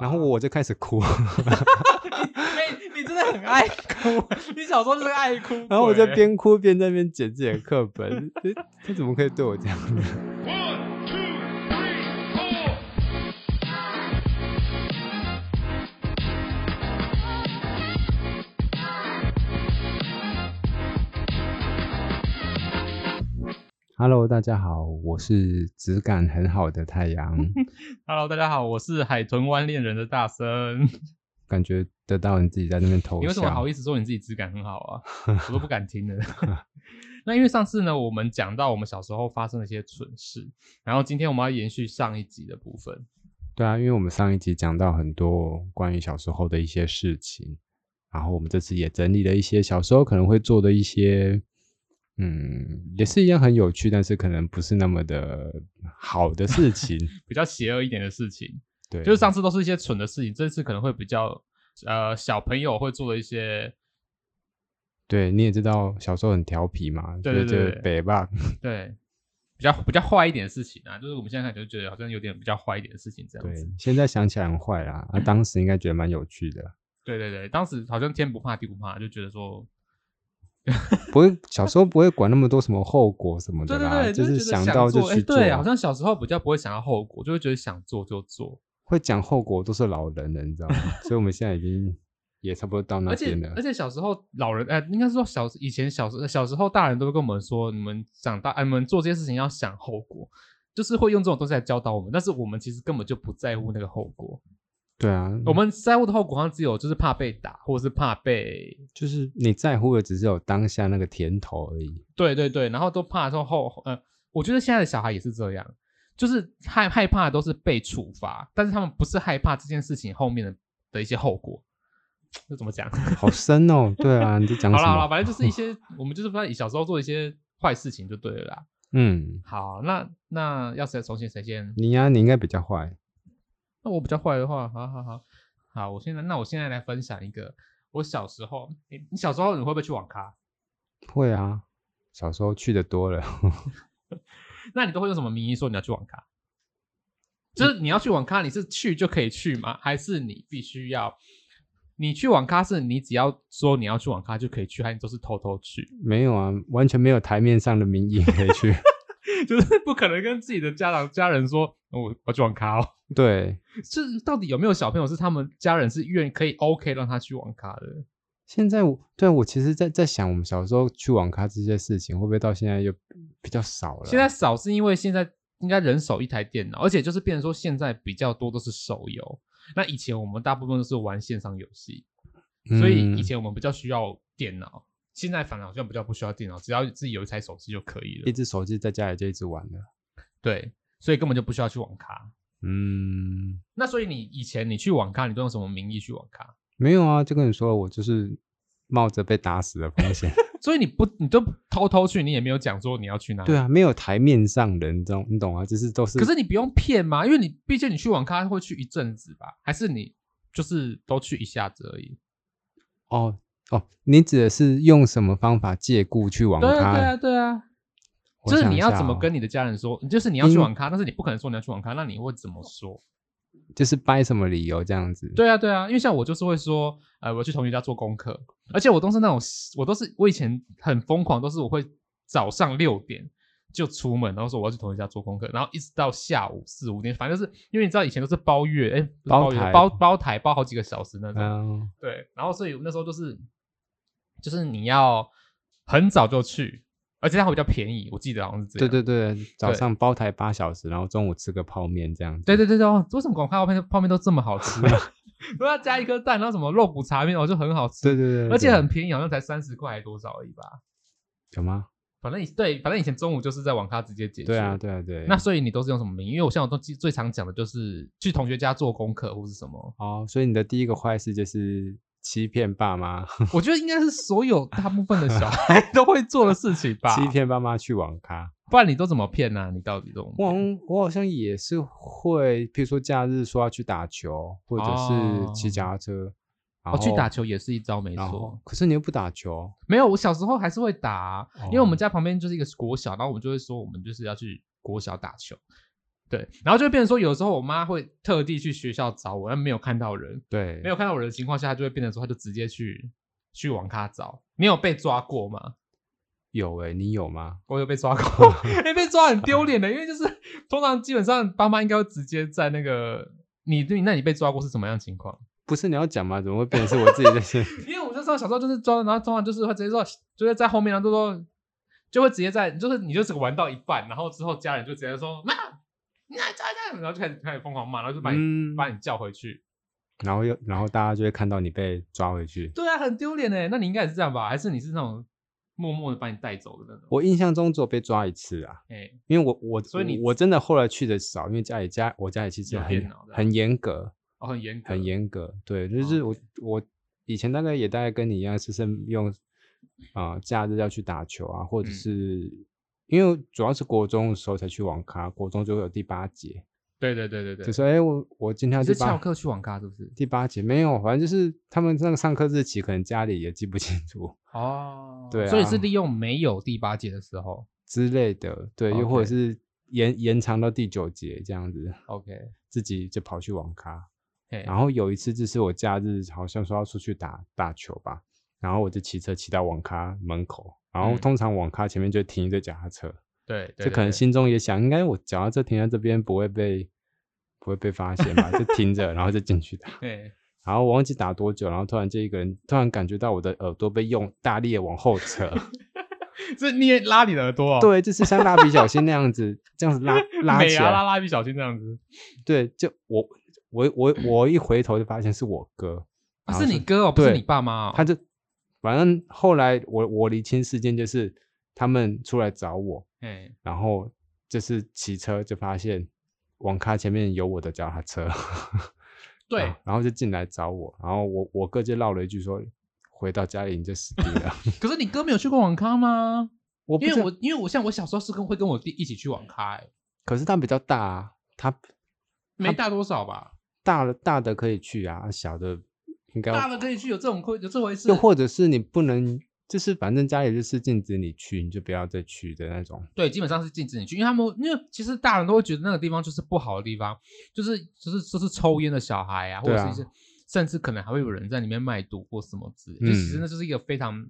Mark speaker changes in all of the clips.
Speaker 1: 然後我就開始哭
Speaker 2: 你、欸，你真的很愛哭， 你小時候就是愛哭。 然後我就邊
Speaker 1: 哭邊在那邊剪剪課本、 欸，他怎麼可以對我這樣子？ Hello，大家好，我是質感很好的太陽。
Speaker 2: Hello，大家好，我是海豚灣戀人的大森。
Speaker 1: 感覺得到你自己在那邊偷笑。你為什麼好意
Speaker 2: 思說你自己質感很
Speaker 1: 好啊？
Speaker 2: 我都不敢聽了。 那因為上次呢，我們講到我們小時候發生了一些蠢事，然後今天我們要延續上一集的部分。
Speaker 1: 對啊，因為我們上一集講到很多關於小時候的一些事情，然後我們這次也整理了一些小時候可能會做的一些。嗯，也是一件很有趣，但是可能不是那麼的好的事情，
Speaker 2: 比較邪惡一點的事情。
Speaker 1: 對，就是上次都是一
Speaker 2: 些蠢的事情，這次可能會比較呃，小朋友會做的一些。
Speaker 1: 對，你也知道小時候很調皮嘛，對對對，對，對，北、就是、
Speaker 2: 對，比較比較壞一點的事情啊，就是我們現在看就覺得好像有點比較壞一點的事情，這樣子。對。
Speaker 1: 現在想起來很壞啊，那、 啊、當時應該覺得蠻有趣的。
Speaker 2: 對對對，當時好像天不怕地不怕，就覺得說。
Speaker 1: 不會，小時候不會管那麼多什麼後果什麼的啦， 對對對，就是想到就去做。就是覺得想做、誒、對啊，好
Speaker 2: 像小時候比較不會想到後果，就會覺得想做就做。
Speaker 1: 會講後果都是老人了，你知道嗎？ 所以我們現在已經也差不多到那邊了。而且，
Speaker 2: 而且小時候老人哎、呃，應該是說小以前小時候小時候大人都會跟我們說，你們長大、呃、你們做這些事情要想後果，就是會用這種東西來教導我們。但是我們其實根本就不在乎那個後果。嗯
Speaker 1: 對啊，我們
Speaker 2: 在乎的後果上只有就是怕被打，或者是怕被，
Speaker 1: 就是你在乎的只是有當下那個甜頭而已。
Speaker 2: 對對對，然後都怕之後後，嗯、呃，我覺得現在的小孩也是這樣，就是害、害怕的都是被處罰，但是他們不是害怕這件事情後面的的一些後果，這怎麼講？
Speaker 1: 好深哦，對啊， 你就講好了，反正就是一
Speaker 2: 些 我們就是不知道小時候做一些壞事情就對了啦。
Speaker 1: 嗯，
Speaker 2: 好，那那要誰重新誰先？
Speaker 1: 你呀、啊，你應該比較壞。
Speaker 2: 那我比較壞的話，好好好，好，我現在那我現在來分享一個，我小時候、欸，你小時候你會不會去網咖？
Speaker 1: 會啊，小時候去的多了。
Speaker 2: 那你都會用什麼名義說你要去網咖，嗯？就是你要去網咖，你是去就可以去嗎？還是你必須要？你去網咖是你只要說你要去網咖就可以去，還是你都是偷偷去？
Speaker 1: 沒有啊，完全沒有台面上的名義可以去。
Speaker 2: 就是不可能跟自己的家長、家人說，哦，我我去網咖了哦。對，是到底有沒有小朋友是他們家人是願意可以 OK 讓他去網咖的？
Speaker 1: 現在我對我其實在在想，我們小時候去網咖這些事情，會不會到現在又比較少了？現
Speaker 2: 在少是因為現在應該人手一台電腦，而且就是變成說現在比較多都是手遊。那以前我們大部分都是玩線上遊戲，所以以前我們比較需要電腦。嗯。現在反而好像比較不需要電腦，只要自己有一台手機就可以了。一
Speaker 1: 隻手機在家裡就一直玩
Speaker 2: 了。對，所以根本就不需要去網咖。
Speaker 1: 嗯。
Speaker 2: 那所以你以前你去網咖，你都用什麼名義去網咖？
Speaker 1: 沒有啊，就跟你說，我就是冒着被打死的風險。
Speaker 2: 所以你不，你都偷偷去，你也沒有講說你要去哪裡。對啊，
Speaker 1: 沒有台面上人這種，你懂，你懂啊，就是都是。可是你
Speaker 2: 不用騙嘛，因為你畢竟你去網咖會去一陣子吧？還是你就是都去一下子而已？
Speaker 1: 哦。哦，你指的是用什麼方法借故去網咖？對啊，
Speaker 2: 對啊，對
Speaker 1: 啊、哦。就是你要怎麼
Speaker 2: 跟你的家人說？就是你要去網咖、嗯，但是你不可能說你要去網咖，那你會怎麼說？
Speaker 1: 就是掰什麼理由這樣子？
Speaker 2: 對啊，對啊，因為像我就是會說，呃，我要去同學家做功課。而且我都是那種，我都是我以前很瘋狂，都是我會早上六點就出門，然後說我要去同學家做功課，然後一直到下午四五點，反正、就是因為你知道以前都是包月，哎，包台包，包台包好幾個小時那種、啊。對，然後所以那時候就是。就是你要很早就去，而且它會比較便宜。我記得好像是這樣。對
Speaker 1: 對對，早上包台八小時，然後中午吃個泡面這樣子。
Speaker 2: 對對對對，為、哦、什麼網咖泡麵泡面都這麼好吃？
Speaker 1: 不 要加一顆蛋，然後什麼肉骨茶面哦，就很好吃。對對,對對對，而且很
Speaker 2: 便宜，好像才三十塊還多少而已吧？
Speaker 1: 有嗎？
Speaker 2: 反正以對，反正以前中午就是在網咖直接解決。對啊對啊對。那所以你都是用什麼名？因為我現在都最最常講的就是去同學家做功課或是什
Speaker 1: 麼。哦所以你的第一個壞事就是。欺騙爸媽，我
Speaker 2: 覺得應該是所有大部分的小
Speaker 1: 孩都會做的事情吧。 欺騙爸媽去網咖，不然你都怎麼騙呢、啊？你到底都我我好像也是會，譬如說假日說要去打球，或者是騎腳踏車。
Speaker 2: 我、哦哦、去打
Speaker 1: 球也是一招沒錯，可是你又不打球，
Speaker 2: 沒有。我小時候還是會打、啊，因為我們家旁邊就是一個國小、哦，然後我們就會說我們就是要去國小打球。對，然後就變成說，有時候我媽會特地去學校找我，但沒有看到人。對，沒有看到我的情況下，她就會變成說，她就直接去去網咖找。你有被抓過嗎？
Speaker 1: 有哎、欸，你有嗎？
Speaker 2: 我有被抓過， 欸、被抓很丟臉的、欸， 因為就是通常基本上爸媽應該會直接在那個你對你那你被抓過是
Speaker 1: 什麼樣的情況？不是你要講嗎？怎麼會變成是我自
Speaker 2: 己在先？因為我就知道小時候就是抓，然後通常就是會直接說，就是在後面然後就說就會直接在，就是你就只玩到一半，然後之後家人就直接說。你加加，然後就開始開始瘋狂罵，然後就把你、嗯、把你叫回去，
Speaker 1: 然後又然後大家就會看到你被抓回去。
Speaker 2: 對啊，很丟臉哎！那你應該也是這樣吧？還是你是那種默默的把你帶走的那種？
Speaker 1: 我印象中只有被抓一次啊。哎、欸，因為我我所以你我，我真的後來去的少，因為家裡家我家裡其實很有、哦啊、很嚴格哦，很嚴格，很嚴格。對，就是我、哦 okay、我以前大概也大概跟你一樣，是是用啊、呃、假日要去打球啊，或者是。嗯因為主要是國中的時候才去網咖，國中就會有第八節，
Speaker 2: 對對對對對，就說，
Speaker 1: 哎、欸、我我今天是翹課去網咖，是不是？第八節沒有，反正就是他們那個上課日期，可能家裡也記不清楚
Speaker 2: 哦，對、啊，所以是利用沒有第八節的時候
Speaker 1: 之類的，對，okay. 又或者是延延長到第九節這樣子，OK，自己就跑去網咖，okay. 然後有一次就是我假日好像說要出去打打球吧。然後我就騎車騎到網咖門口，嗯、然後通常網咖前面就停一堆腳踏車，對，對，
Speaker 2: 對，對，就可能
Speaker 1: 心中也想，應該我腳踏車停在這邊不會被不會被發現吧， 就停着，然後就進去打。
Speaker 2: 對，
Speaker 1: 然後我忘記打多久，然後突然這一個人突然感覺到我的耳朵被用大力的往後扯，
Speaker 2: 是捏拉你的耳朵？哦？對，就是像蠟筆小新
Speaker 1: 那樣子， 這樣子拉拉起來，啊、拉
Speaker 2: 蠟筆小新那樣子。
Speaker 1: 對，就我我我我一回頭就發現是我哥， 是，
Speaker 2: 啊、是你哥哦，不是你爸
Speaker 1: 媽？哦，他就。反正後來我我離親事件就是他們出來找我，欸，然後就是騎車就發現網咖前面有我的腳踏車，對，然後就進來找我，然後我我哥就鬧了一句說，回到家裡你就死定了。
Speaker 2: 可是你哥沒有去過網咖嗎？
Speaker 1: 我 因為我因為我像我小時候是跟會跟我弟一起去網咖，欸，可是他比較大啊，他沒大多少吧？大的大的可以去啊，小的，大了
Speaker 2: 可以去，有這種規，有這回事。又或
Speaker 1: 者是你不能，就是反正家裡就是禁止你去，你就不要再去的那種。
Speaker 2: 對，基本上是禁止你去，因為他們因為其實大人都會覺得那個地方就是不好的地方，就是就是就是抽菸的小孩啊，或者是、啊、甚至可能還會有人在裡面賣毒或什麼之類。嗯、就其實那就是一個非常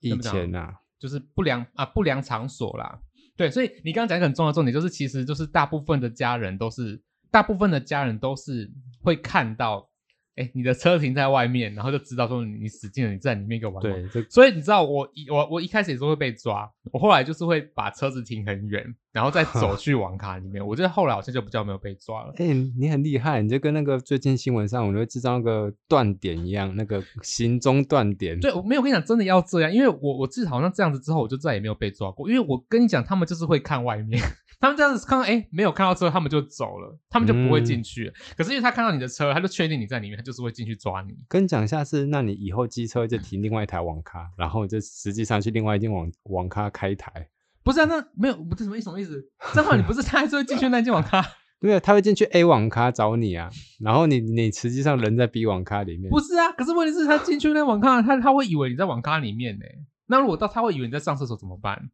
Speaker 2: 以前吶、啊，就是不良啊不良場所啦。對，所以你剛剛講一個很重要的重點，就是其實就是大部分的家人都是，大部分的家人都是會看到。哎、欸，你的車停在外面，然後就知道說你使勁了，你在裡面給我玩玩。對，所以你知道我一我我一開始也是會被抓。我後來就是會把車子停很遠，然後再走去網咖裡面。我覺得後來好像就比較沒有被抓了。
Speaker 1: 哎、欸，你很厲害，你就跟那個最近新聞上我們會製造那個斷點一樣，那個行蹤斷點。對，我沒有跟你講，真的要
Speaker 2: 這樣，因為我我自己好像這樣子之後，我就再也沒有被抓過。因為我跟你講，他們就是會看外面， 他們這樣子看，哎、欸，沒有看到車，他們就走了，他們就不會進去，嗯。可是因為他看到你的車，他就確定你在裡面，他就是會進去抓你。
Speaker 1: 跟你講一下是，那你以後機車就停另外一台網咖，嗯，然後就實際上去另外一間網網咖。開台，
Speaker 2: 不是啊，那沒有，不是什麼意思？什麼意思？正好你不是他，還是會進去那
Speaker 1: 間網咖。 對啊，他會進去 A 網咖找你啊。然後你，你實際上人在 B 網咖裡面。不是
Speaker 2: 啊，可是問題是他進去那網咖，他他會以為你在網咖裡面呢、欸。那如果到他會以為你在上廁所怎麼辦？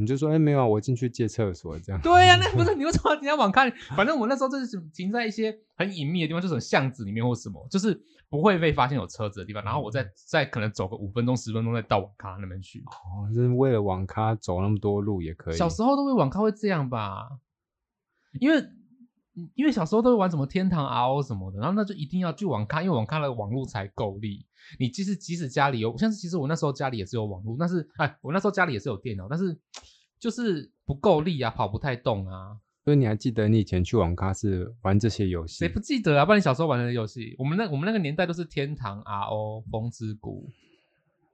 Speaker 1: 你就說，哎、欸，沒有啊，我進去借廁所這樣。對
Speaker 2: 啊，那不是你為什麼你要網咖？ 反正我那時候就是停在一些很隱秘的地方，就是巷子裡面或什麼，就是不會被發現有車子的地方。然後我再再可能走個五分鐘、十分鐘，再到網咖那邊去。
Speaker 1: 哦，是為了網咖走那麼多路也可以。小時候都會網咖會這
Speaker 2: 樣吧？因為因為小時候都會玩什麼天堂 RO 什麼的，然後那就一定要去網咖，因為網咖的網路才夠力。你即使即使家裡有，像是其實我那時候家裡也是有網絡，但是哎，我那時候家裡也是有電腦，但是就是不夠力啊，跑不太動啊。
Speaker 1: 所以你還記得你以前去網咖是玩這些遊戲？誰、欸、
Speaker 2: 不記得啊？不然你小時候玩的遊戲，我們那我們那個年代都是天堂、RO 風之谷。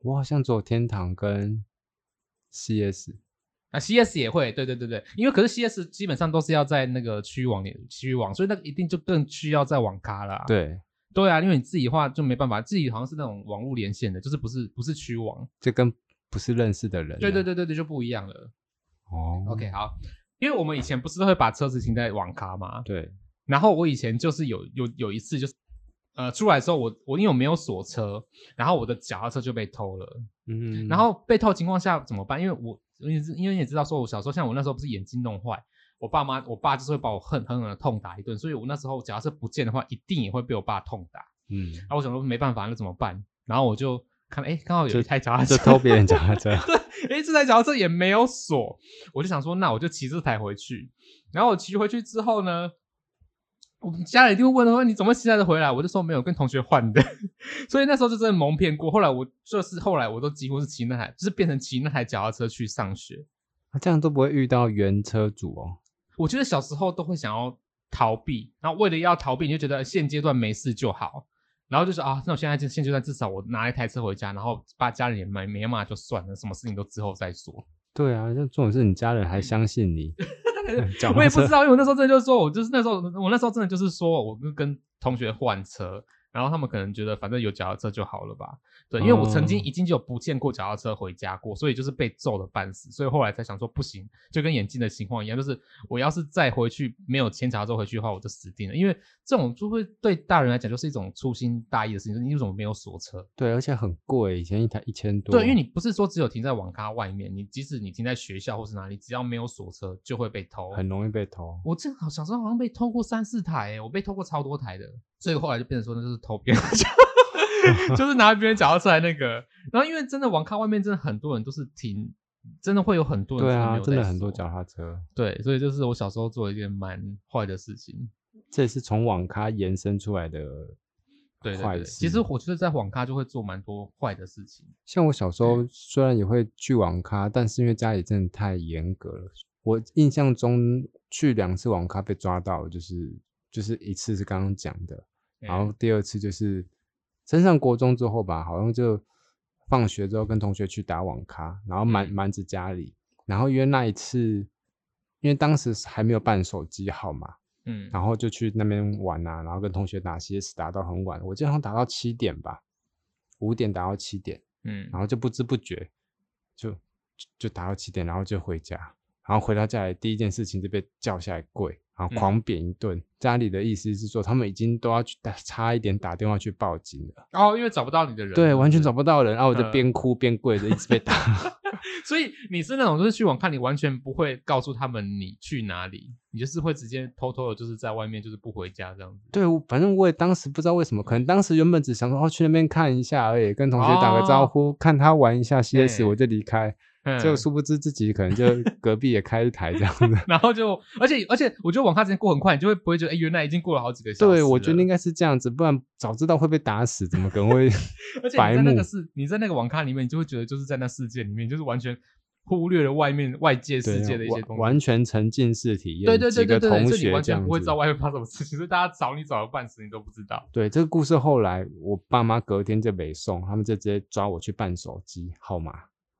Speaker 1: 我好像只有天堂跟 CS
Speaker 2: 啊，CS 也會，對對對對，因為可是 CS 基本上都是要在那個區域網區域網，所以那個一定就更需要在網咖了。對。對啊，因為你自己話就沒辦法，自己好像是那種網絡連線的，就是不是不是區網，
Speaker 1: 就跟不是認識的人啊。對
Speaker 2: 對對對對，就不一樣了。哦，OK，好，因為我們以前不是都會把車子停在網咖嘛。對。然後我以前就是有有有一次就是，呃，出來之後我我因為我沒有鎖車，然後我的腳踏車就被偷了。嗯，嗯。然後被偷的情況下怎麼辦？因為我因為因為你知道，說我小時候像我那時候不是眼鏡弄壞。我爸媽，我爸就是會把我狠狠狠的痛打一頓，所以我那時候，腳踏車不見的話，一定也會被我爸痛打。嗯，那我想說沒辦法，那怎麼辦？然後我就看，哎、欸，剛好有一台腳踏車，就就偷別人腳踏車。對，哎，這台腳踏車也沒有鎖，我就想說，那我就騎這台回去。然後我騎回去之後呢，我們家裡一定會問，說你怎麼騎那台回來？我就說我沒有，跟同學換的。所以那時候就真的蒙騙過。後來我就是後來我都幾乎是騎那台，就是變成騎那台腳踏車去上學。
Speaker 1: 啊，這樣都不會遇到原車主哦？
Speaker 2: 我覺得小時候都會想要逃避，然後為了要逃避，你就覺得現階段沒事就好，然後就是啊，那我現在就現階段至少我拿一台車回家，然後把家人也買，沒嘛就算了，什麼事情都之後再說。
Speaker 1: 對啊，這重點是你家人還相信你，嗯嗯、 我也不知道，
Speaker 2: 因為我那時候真的就是說，我就是那時候，我那時候真的就是說，我就跟同學換車。然後他們可能覺得反正有腳踏車就好了吧？對，因為我曾經已經就不見過腳踏車回家過，嗯、所以就是被揍得半死。所以後來才想說不行，就跟眼鏡的情況一樣，就是我要是再回去沒有牽查之後回去的話，我就死定了。因為這種就會對大人來講就是一種粗心大意的事情。就是、你為什麼沒有鎖車？
Speaker 1: 對，而且很貴，以前一台一千多。對，因為
Speaker 2: 你不是說只有停在網咖外面，你即使你停在學校或是哪裡，只要沒有鎖車，就會被偷，很容易被偷。我這個小時候好像被偷過三四台、欸，我被偷過超多台的，所以後來就變成說那就是。偷別人家，就是拿別人腳踏車來那個。然後因為真的網咖外面真的很多人都是停，真的會有很多人。對啊，真的很多
Speaker 1: 腳踏車。對，所以就是我小時
Speaker 2: 候做了一件蠻壞的事
Speaker 1: 情。這也是從網咖延伸出來的
Speaker 2: 壞事對對對。其實我覺得在網咖就會做蠻多壞的事情。
Speaker 1: 像我小時候雖然也會去網咖，但是因為家裡真的太嚴格了，我印象中去兩次網咖被抓到，就是就是一次是剛剛講的。然後第二次就是升上國中之後吧，好像就放學之後跟同學去打網咖，然後瞞、嗯、瞞着家裡。然後因為那一次，因為當時還沒有辦手機號嘛，嗯，然後就去那邊玩啊，然後跟同學打 CS 打到很晚，我經常打到七點吧，五點打到七點，嗯，然後就不知不覺就、就，就打到七點，然後就回家。然後回到家裡，第一件事情就被叫下來跪，然後狂扁一頓。嗯、家裡的意思是說，他們已經都要去打，差一點打電話去報警了。
Speaker 2: 哦，因為找不到你的人，對，對，
Speaker 1: 完全找不到人。然後、啊、我就邊哭邊跪着，一直被打。
Speaker 2: 所以你是那種就是去網咖，你完全不會告訴他們你去哪裡，你就是會直接偷偷的，就是在外面就是不回家這樣
Speaker 1: 子。對，反正我也當時不知道為什麼，可能當時原本只想說哦，去那邊看一下而已，跟同學打個招呼，哦、看他玩一下 CS，我就離開。哎就 殊不知自己可能就隔壁也開一台這樣子。 然
Speaker 2: 後就而且而且我覺得網咖時間過很快，你就會不會覺得哎、欸，原來已經過了好幾個小時。對，我
Speaker 1: 覺得應該是這樣子，不然早知道會被打死，怎麼可能會白？白， 而且
Speaker 2: 你在那個是，你在那個網咖裡面，你就會覺得就是在那世界裡面，就是完全忽略了外面外界世界的一些東西，完
Speaker 1: 全沉浸式體驗。對對對對對，對，你是你完全不會知道
Speaker 2: 外面發生什麼事情，所以大家找你找的半死，你都不知道。
Speaker 1: 對，這個故事後來我爸媽隔天就尾送，他們就直接抓我去辦手機號碼。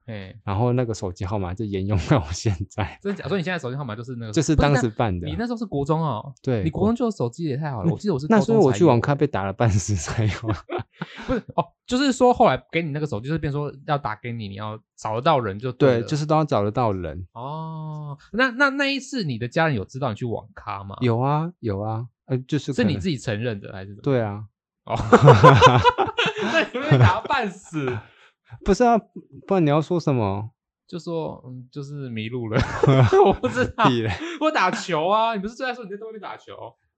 Speaker 1: 哎，然後那個手機號碼就沿用到我現在。
Speaker 2: 真假？說你現在手機號碼就是那個手機，就是當時辦的。你那時候是國中哦？對。你國中就有手機也太好了，我，我記得我是。那所以我去
Speaker 1: 網咖被打了半死才有啊 不是
Speaker 2: 哦，就是說後來給你那個手機，就是變成說要打給你，你要找得到人就對。對，
Speaker 1: 就是都要找得到人。
Speaker 2: 哦，那那那一次，你的家人有知道你去網咖嗎？
Speaker 1: 有啊，有啊，呃，就是。是你自己
Speaker 2: 承認的還是什麼？對
Speaker 1: 啊。那你們打半死。 不是啊，不然你要說什麼？
Speaker 2: 就說嗯，就是迷路了。 我不知道， 我打球啊。你不是最愛說你在外面打球？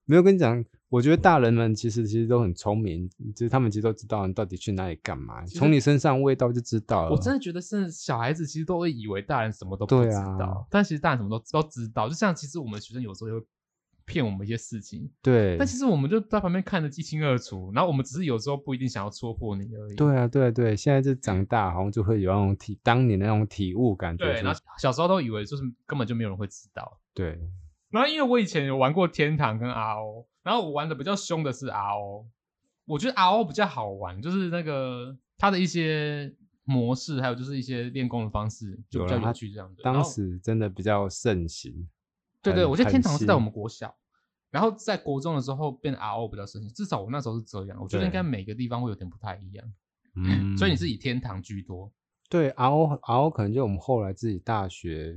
Speaker 1: 沒有跟你講，我覺得大人們其實其實都很聰明，其實他們其實都知道你到底去哪裡幹嘛，從、就是、你身上味道就知道了。我真
Speaker 2: 的覺得是小孩子，其實都會以為大人什麼都不知道，啊、但其實大人什麼都都知道。就像其實我們學生有時候也會。騙我們一些事情，對。但其實我們就在旁邊看得一清二楚，然後我們只是有時候不一定想要戳破你而
Speaker 1: 已。對啊，對啊對。現在就長大，好像就會有那種體，當年的那種體悟感覺、就是。對，然
Speaker 2: 後小時候都以為就是根本就沒有人會知道。對。然後因為我以前有玩過天堂跟 R O，然後我玩的比較凶的是 R O，我覺得 R O 比較好玩，就是那個它的一些模式，還有就是一些練功的方式，就比較有趣這樣。當
Speaker 1: 時真的比較盛行。對對，我覺得天堂是在我們國
Speaker 2: 小，然後在國中的時候變 R O 比較深，至少我那時候是這樣。我覺得應該每個地方會有點不太一樣，嗯。
Speaker 1: 所以你自己
Speaker 2: 天堂居多。嗯、
Speaker 1: 對 R O R O 可能就我們後來自己大學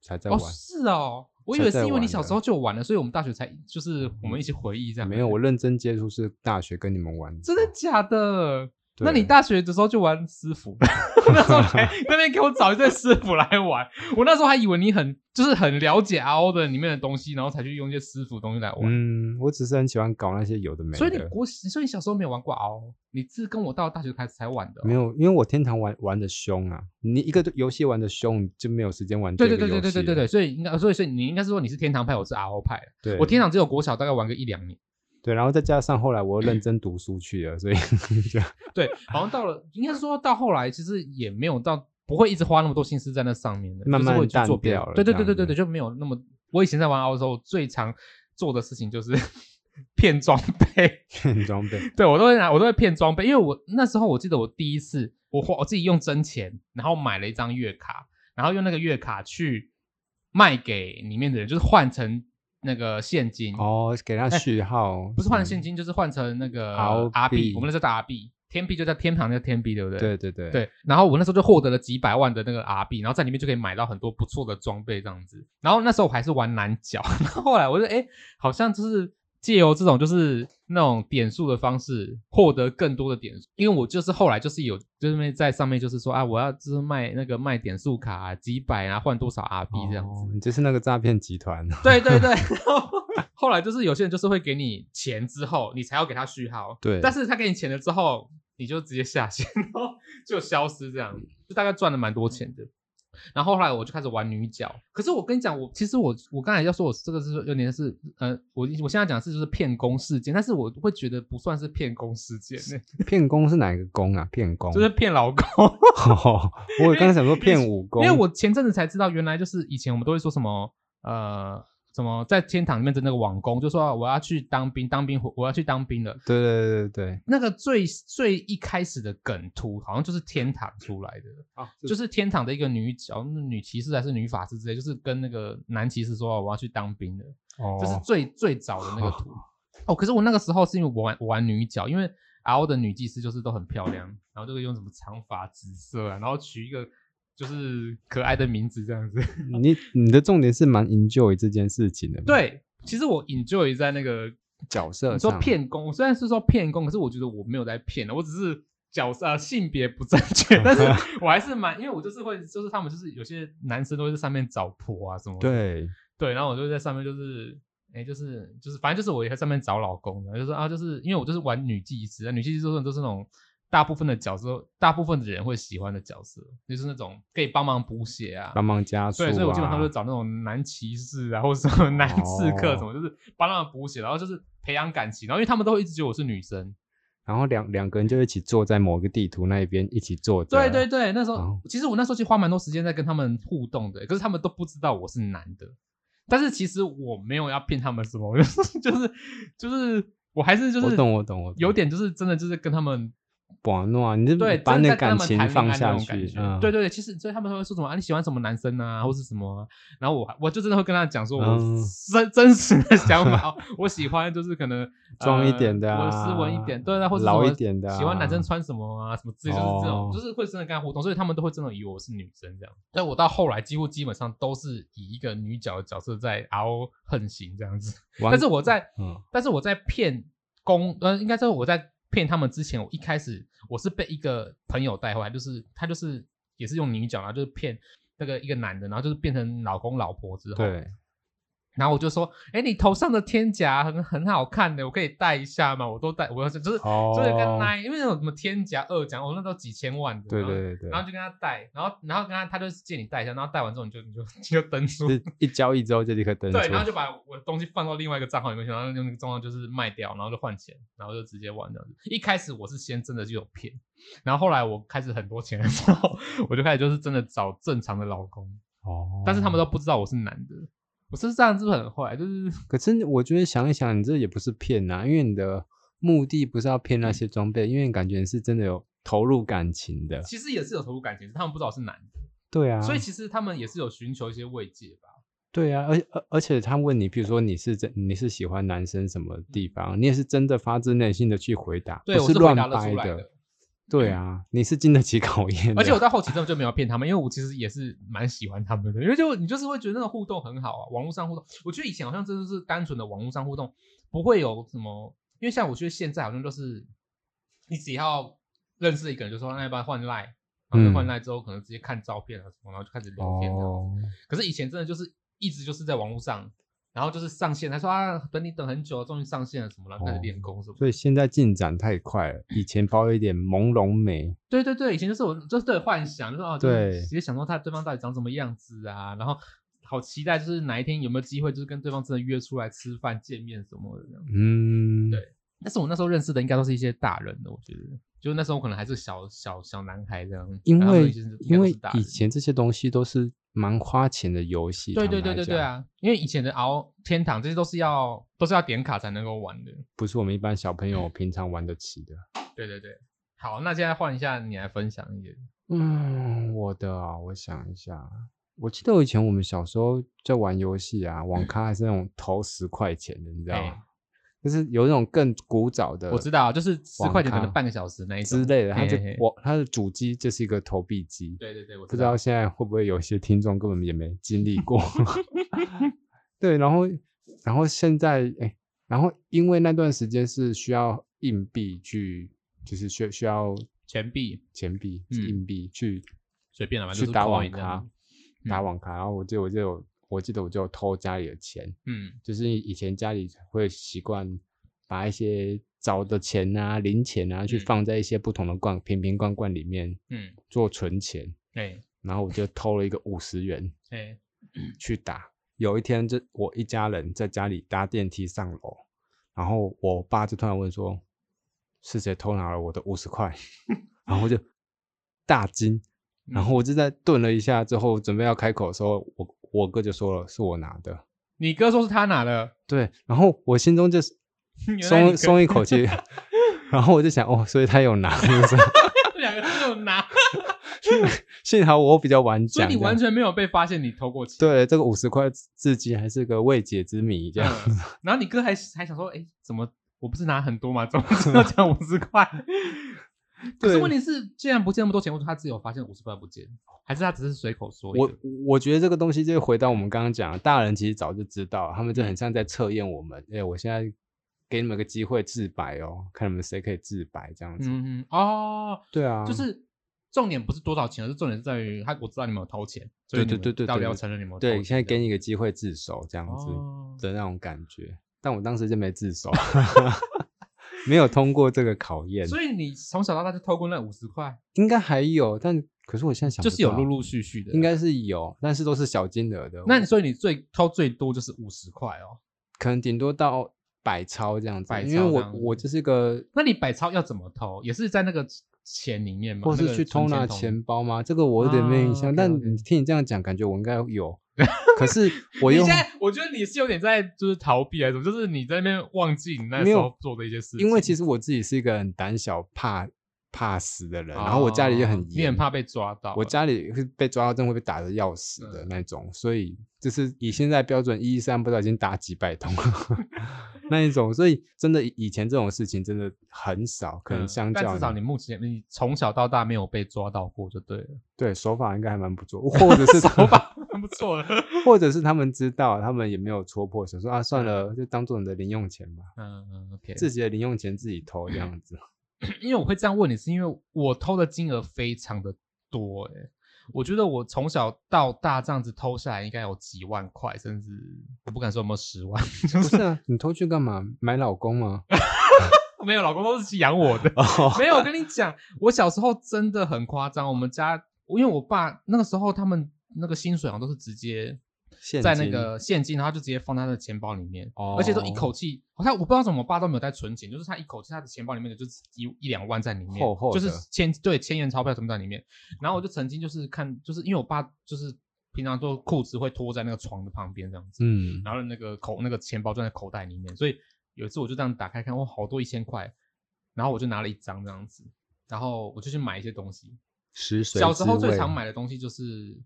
Speaker 1: 才在玩。哦，是
Speaker 2: 哦？我以為是因為你小時候就玩了，所以我們大學才就是我們一起回憶這樣、嗯。沒有，我
Speaker 1: 認真接觸是大學跟你們玩的。
Speaker 2: 真的假的？那你大學的時候就玩私服，
Speaker 1: 那時候還
Speaker 2: 那邊給我找一對私服來玩， 我那時候還以為你很就是很了解 R O 的裡面的東西，然後才去用一些私服東西來玩。
Speaker 1: 嗯，我只是很喜歡搞那些有的沒的。所以你
Speaker 2: 國，所以你小時候沒有玩過 R O，你是跟我到大學開始才玩的
Speaker 1: 哦？沒有，因為我天堂玩玩的凶啊，你一個遊戲玩的凶你就沒有時間玩對。對對對對對對
Speaker 2: 對對，所以應該，所以所以你應該是說你是天堂派，我是 R O 派。對，我天堂只有國小大概玩個一兩年。
Speaker 1: 對，然後再加上後來我又認真讀書去了，嗯、所以
Speaker 2: 對，好像到了應該說到後來，其實也沒有到不會一直花那麼多心思在那上面的，慢，慢就會做淡掉了。對對對對對對，就沒有那麼。我以前在玩 RO 的時候，我最常做的事情就是騙裝 備，騙裝備。對我都會拿，我都會騙裝備，因為我那時候我記得我第一次，我我自己用真錢，然後買了一張月卡，然後用那個月卡去賣給裡面的人，就是換成。那個現金
Speaker 1: 哦，給他序號、欸，不是
Speaker 2: 換現金，就是換成那個 RB, R 幣。我們那時候打 R 幣，天幣就在天堂，那叫天幣，對不對？對對對對。然後我那時候就獲得了幾百萬的那個 R 幣，然後在裡面就可以買到很多不錯的裝備，這樣子。然後那時候我還是玩男角， 後來我就，哎、欸，好像就是。借由這種就是那種點數的方式獲得更多的點數，因為我就是後來就是有就是在上面就是說啊，我要就是賣那個賣點數卡、啊、幾百啊，換多少 RB 這樣子，
Speaker 1: 哦，你就是那個詐騙集團。
Speaker 2: 對對對，後， 後來就是有些人就是會給你錢之後，你才要給他序號。對，但是他給你錢了之後，你就直接下線，然後就消失，這樣就大概賺了蠻多錢的。然後後來我就開始玩女角，可是我跟你講，我其實我我剛才要說，我這個是有點是、呃、我，我現在講的是就是騙公事件，但是我會覺得不算是騙公事件。
Speaker 1: 騙公是哪一個公啊？騙公就是騙老公。 我也剛才想說騙武功。因，因為我
Speaker 2: 前陣子才知道，原來就是以前我們都會說什麼呃。什麼在天堂裡面的那個網工就說、啊、我要去當兵，當兵我要去當兵了。對對對對，對，那個最最一開始的梗圖好像就是天堂出來的，啊、是就是天堂的一個女角，女騎士還是女法師之類，就是跟那個男騎士說、啊、我要去當兵的、哦，就是最最早的那個圖。哦，可是我那個時候是因為玩玩女角，因為 RO 的女祭司就是都很漂亮，然後就會用什麼長髮紫色、啊，然後取一個。就是可愛的名字這樣子
Speaker 1: 你，你你的重點是蠻 enjoy 這件事情的嗎？
Speaker 2: 對，其實我 enjoy 在那個角色上。你說騙公，雖然是說騙公，可是我覺得我沒有在騙了，我只是角色、啊、性別不正確，但是我還是蠻， 因為我就是會，就是他們就是有些男生都會在上面找婆啊什麼的。對對，然後我就會在上面就是，哎、欸，就是就是，反正就是我在上面找老公就說、是、啊，就是因為我就是玩女技師啊，女技師這是都是那種。大部分的角色，大部分的人會喜歡的角色，就是那種可以幫忙補血啊，幫忙加速、啊。對，所以我基本上就找那種男騎士啊，或什麼男刺客，什麼、哦、就是幫他們補血，然後就是培養感情。然後因為他們都一直覺得我是女
Speaker 1: 生，然後兩兩個人就一起坐在某個地圖那一邊一起坐。對對
Speaker 2: 對，那時候、哦、其實我那時候其實花蠻多時間在跟他們互動的，可是他們都不知道我是男的。但是其實我沒有要騙他們什麼，就是就是就是我還是就是我懂我懂我懂，有點就是真的就是跟他們。
Speaker 1: 把那，你這把那感情那感放下去，啊。對
Speaker 2: 對，其實所以他們都會說什麼啊？你喜歡什麼男生啊？或是什麼，啊？然後我我就真的會跟他講說我，我、嗯、真真實的想法 我喜歡就是可能裝、呃、一點的，啊，的斯文一點，對啊，或者老一點的，啊，喜歡男生穿什麼啊？什麼之類，就是這種、哦，就是會真的跟他互動，所以他們都會真的以為我是女生這樣。但我到後來幾乎基本上都是以一個女角的角色在 RO 橫行這樣子。但是我在、嗯，但是我在騙公、呃，應該說我在。騙他們之前，我一開始我是被一個朋友帶壞，就是他就是也是用女角啊，就是騙那個一個男的，然後就是變成老公老婆之後。對。然後我就說，哎，你頭上的天甲很很好看的，我可以戴一下嗎？我都戴，我是就，就是、oh. 就是跟那，因為那種什麼天甲二甲，我、哦、那都幾千萬的。對
Speaker 1: 對對對。然後就
Speaker 2: 跟他戴，然後然後跟他，他就是借你戴一下，然後戴完之後你就你就你
Speaker 1: 就登出，一交易之後就立刻登出。對，然後就
Speaker 2: 把我的東西放到另外一個賬號裡面去，然後用那個賬號就是賣掉，然後就換錢，然後就直接玩這樣子。一開始我是先真的就有騙，然後後來我開始很多錢的時候，我就開始就是真的找正常的老公，哦、oh.，但是他們都不知道我是男的。我是這樣，是不是很壞？就是，
Speaker 1: 可是我覺得想一想，你這也不是騙吶、啊，因為你的目的不是要騙那些裝備、嗯，因為感覺你是真的有投入感情的。其
Speaker 2: 實也是有投入感情，他們不知道是男的。
Speaker 1: 對啊，所以其
Speaker 2: 實他們也是有尋求一些慰藉吧。
Speaker 1: 對啊，而且而且他問你，比如說你是真，你是喜歡男生什麼地方、嗯？你也是真的發自內心的去回答，對，不是亂掰的。對啊、嗯，你是經得起考驗的，而且我
Speaker 2: 到後期之後就沒有騙他們， 因為我其實也是蠻喜歡他們的，因為就你就是會覺得那個互動很好啊，網絡上互動，我覺得以前好像真的是單純的網絡上互動，不會有什麼，因為像我覺得現在好像都、就是，你只要認識一個人就是、說那要不換賴，
Speaker 1: 然後換賴
Speaker 2: 之後、嗯、可能直接看照片啊什麼，然後就開始聊天、哦，可是以前真的就是一直就是在網絡上。然後就是上線，他說啊，等你等很久，終於上線了，什麼了，然後開始練功什麼。所、哦、
Speaker 1: 以現在進展太快了，以前抱有一點朦朧美。
Speaker 2: 對對對，以前就是我就是對幻想，就是哦，對，直接想到他對方到底長什麼樣子啊，然後好期待，就是哪一天有沒有機會，就是跟對方真的約出來吃飯見面什麼的這樣。嗯，對。但是我那時候認識的應
Speaker 1: 該都是一些大人的，我覺
Speaker 2: 得，就那時候我可能還是小小小男孩這樣。因為然後以前是大因為以
Speaker 1: 前這些東西都是。蠻花錢的遊戲，對對，對對對
Speaker 2: 對對啊！因為以前的《熬天堂》這些都是要都是要點卡才能夠玩的，
Speaker 1: 不是我們一般小朋友平常玩得起的。嗯。對對對，
Speaker 2: 好，那現在換一下你來分享一點。嗯，
Speaker 1: 我的啊，我想一下，我記得我以前我們小時候在玩遊戲啊，網咖還是那種投十塊錢的，嗯，你知道嗎？就是有那種更古早的，我知道、啊，就是十塊錢可能半個小時那之類的，它就嘿嘿嘿我，它的主機就是一個投幣機。對對對我，不知道現在會不會有些聽眾根本也沒經歷過。 對，然後然後現在哎、欸，然後因為那段時間是需要硬幣去，就是需要需要錢幣、錢幣、錢是硬幣去隨、嗯、便的嘛去打網咖、就是嗯，打網咖。然後我就我就。有。我記得我就偷家裡的錢，嗯，就是以前家裡會習慣把一些找的錢啊、零錢啊，嗯、去放在一些不同的罐瓶瓶罐罐裡面，嗯，做存錢，對、欸。然後我就偷了一個五十元，對，去打、欸嗯。有一天，就我一家人在家裡搭電梯上樓，然後我爸就突然問說：“是誰偷拿了我的五十塊？” 然後我就大驚。然後我就在頓了一下之後，準備要開口的時候，我。我哥就說了，是我拿的。你哥說是他拿的。對，然後我心中就
Speaker 2: 是鬆鬆一口氣，
Speaker 1: 然後我就想，哦，所以他有拿，是 是就說？不
Speaker 2: 兩個都有拿，
Speaker 1: 幸好我比較晚講，所以你完全
Speaker 2: 沒有被發現你偷過
Speaker 1: 錢。對，這個五十塊至今還是個未解之謎，這樣、
Speaker 2: 嗯。然後你哥還還想說，哎，
Speaker 1: 怎麼我不是拿很多嘛，怎麼只
Speaker 2: 講五十塊？ 可是問題是，既然不見那麼多錢，我說他自己有發現五十塊不見，還是他只是隨口說一下？我
Speaker 1: 我覺得這個東西就回到我們剛剛講，大人其實早就知道，他們就很像在測驗我們。哎、欸，我現在給你們個機會自白哦，看你們誰可以自白這樣子。嗯嗯
Speaker 2: 哦，對啊，就是重點不是多少錢，而是重點
Speaker 1: 在於他，我知道你們有偷錢，對對對。到底要承認你們錢對對對對對？對，現在給你一個機會自首這樣子的那種感覺。哦、但我當時就沒自首。 沒有通過這個考驗，所
Speaker 2: 以你從小到大就偷過那五十塊，
Speaker 1: 應該還有，但可是我現在想，就是有陸陸續續的，應該是有，但是都是小金額的。那你說你最偷最多就是五十塊哦，可能頂多到百鈔這樣子，百鈔因為我我就是一個、嗯，那
Speaker 2: 你百鈔要怎麼偷，也是在那個錢裡面嗎？或是去偷拿錢
Speaker 1: 包嗎、啊？這個我有點沒印象、啊，但你、okay, okay. 聽你這樣講，感覺我應該有。 可是，我現在
Speaker 2: 我覺得你是有點在就是逃避還是什麼，就是你在那邊忘記你那時候做的一些事情，因為
Speaker 1: 其實我自己是一個很膽小、怕。怕死的人、哦，然後我家裡就很嚴，你很怕
Speaker 2: 被抓到。我家
Speaker 1: 裡是被抓到，真的會被打得要死的那種。所以就是以現在標準，一一三不知道已經打幾百通了、嗯。那一種。所以真的以前這種事情真的很少，可能相較、嗯、但至少你
Speaker 2: 目前你從小到大沒有被抓到過就對
Speaker 1: 了。對，手法應該還蠻不錯，或者是 手法蠻不錯的，或者是他們知道他們也沒有戳破，想說啊算了，嗯、就當做你的零用錢吧。嗯嗯，OK，自己的零用錢自己偷這樣子。嗯因為我會這樣問你，是因為我偷的金額非常的多誒、欸、
Speaker 2: 我覺得我從小到大這樣子偷下來，應該有幾萬塊，甚至我不敢說有沒有十萬。
Speaker 1: 不是啊， 你偷去幹嘛？買老公嗎？ 沒
Speaker 2: 有，老公都是去養我的。 沒有，我跟你講，我小時候真的很誇張。我們家因為我爸那個時候他們那個薪水好像，都是直接。在那個現金，然後他就直接放他的錢包裡面，哦、而且都一口氣，好像我不知道怎麼，我爸都沒有帶存錢，就是他一口氣，他的錢包裡面就是一一兩萬在裡面，厚厚就是千對千元鈔票什麼在裡面。然後我就曾經就是看，就是因為我爸就是平常都褲子會脫在那個床的旁邊這樣子、嗯，然後那個口那個錢包裝在口袋裡面，所以有一次我就這樣打開看，哇，好多一千塊，然後我就拿了一張這樣子，然後我就去買一些東西。
Speaker 1: 十歲小時候最常買
Speaker 2: 的東西就是。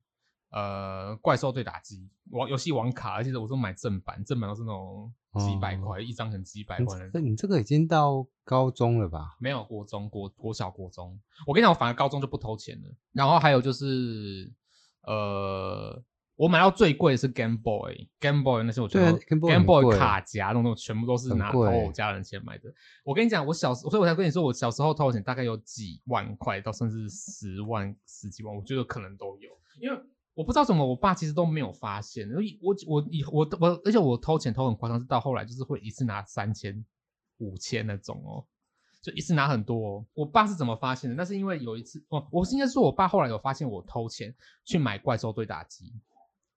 Speaker 2: 呃，怪獸對打機玩遊戲王卡，而且我是買正版，正版都是那種幾百塊、哦、一張，成幾百
Speaker 1: 塊。你這個已經到高中了吧？
Speaker 2: 沒有國中，國中國國小、國中。我跟你講，我反而高中就不偷錢了。
Speaker 1: 然後還有就是，
Speaker 2: 呃，我買到最貴的是 Game Boy，Game Boy 那些，我覺得、啊、Game Boy Game Boy 卡夾那種，全部都是拿偷我家人錢買的。我跟你講，我小時，所以我才跟你說，我小時候偷錢大概有幾萬塊到甚至十萬、十幾萬，我覺得可能都有，因為。我不知道怎麼，我爸其實都沒有發現。我我以我我，而且我偷錢偷很誇張，是到後來就是會一次拿三千、五千那種哦，就一次拿很多哦。我爸是怎麼發現的？那是因為有一次，我我是應該說，我爸後來有發現我偷錢去買怪獸對打機，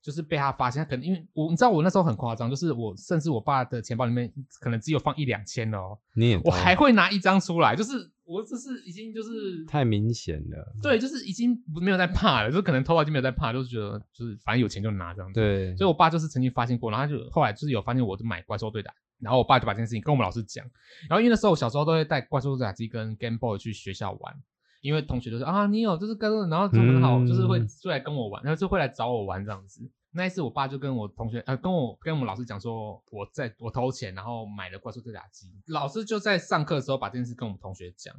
Speaker 2: 就是被他發現。他可能因為我你知道，我那時候很誇張，就是我甚至我爸的錢包裡面可能只有放一兩千哦，你也，我還會拿一張出來，就是。我只是已經就是太明顯了，對，就是已經沒有在怕了，就是可能偷了就沒有在怕，就是覺得就是反正有錢就拿這樣子。對，所以我爸就是曾經發現過，然後就後來就是有發現我就買怪獸對打，然後我爸就把這件事情跟我們老師講，然後因為那時候我小時候都會帶怪獸對打機跟 Game Boy 去學校玩，因為同學就說、是、啊你有就是跟然後他們好、嗯、就是會出來跟我玩，然後就會來找我玩這樣子。那一次，我爸就跟我同學，呃，跟我跟我們老師講說我，我在我偷錢，然後買了怪獸對打機。老師就在上課的時候把這件事跟我們同學講，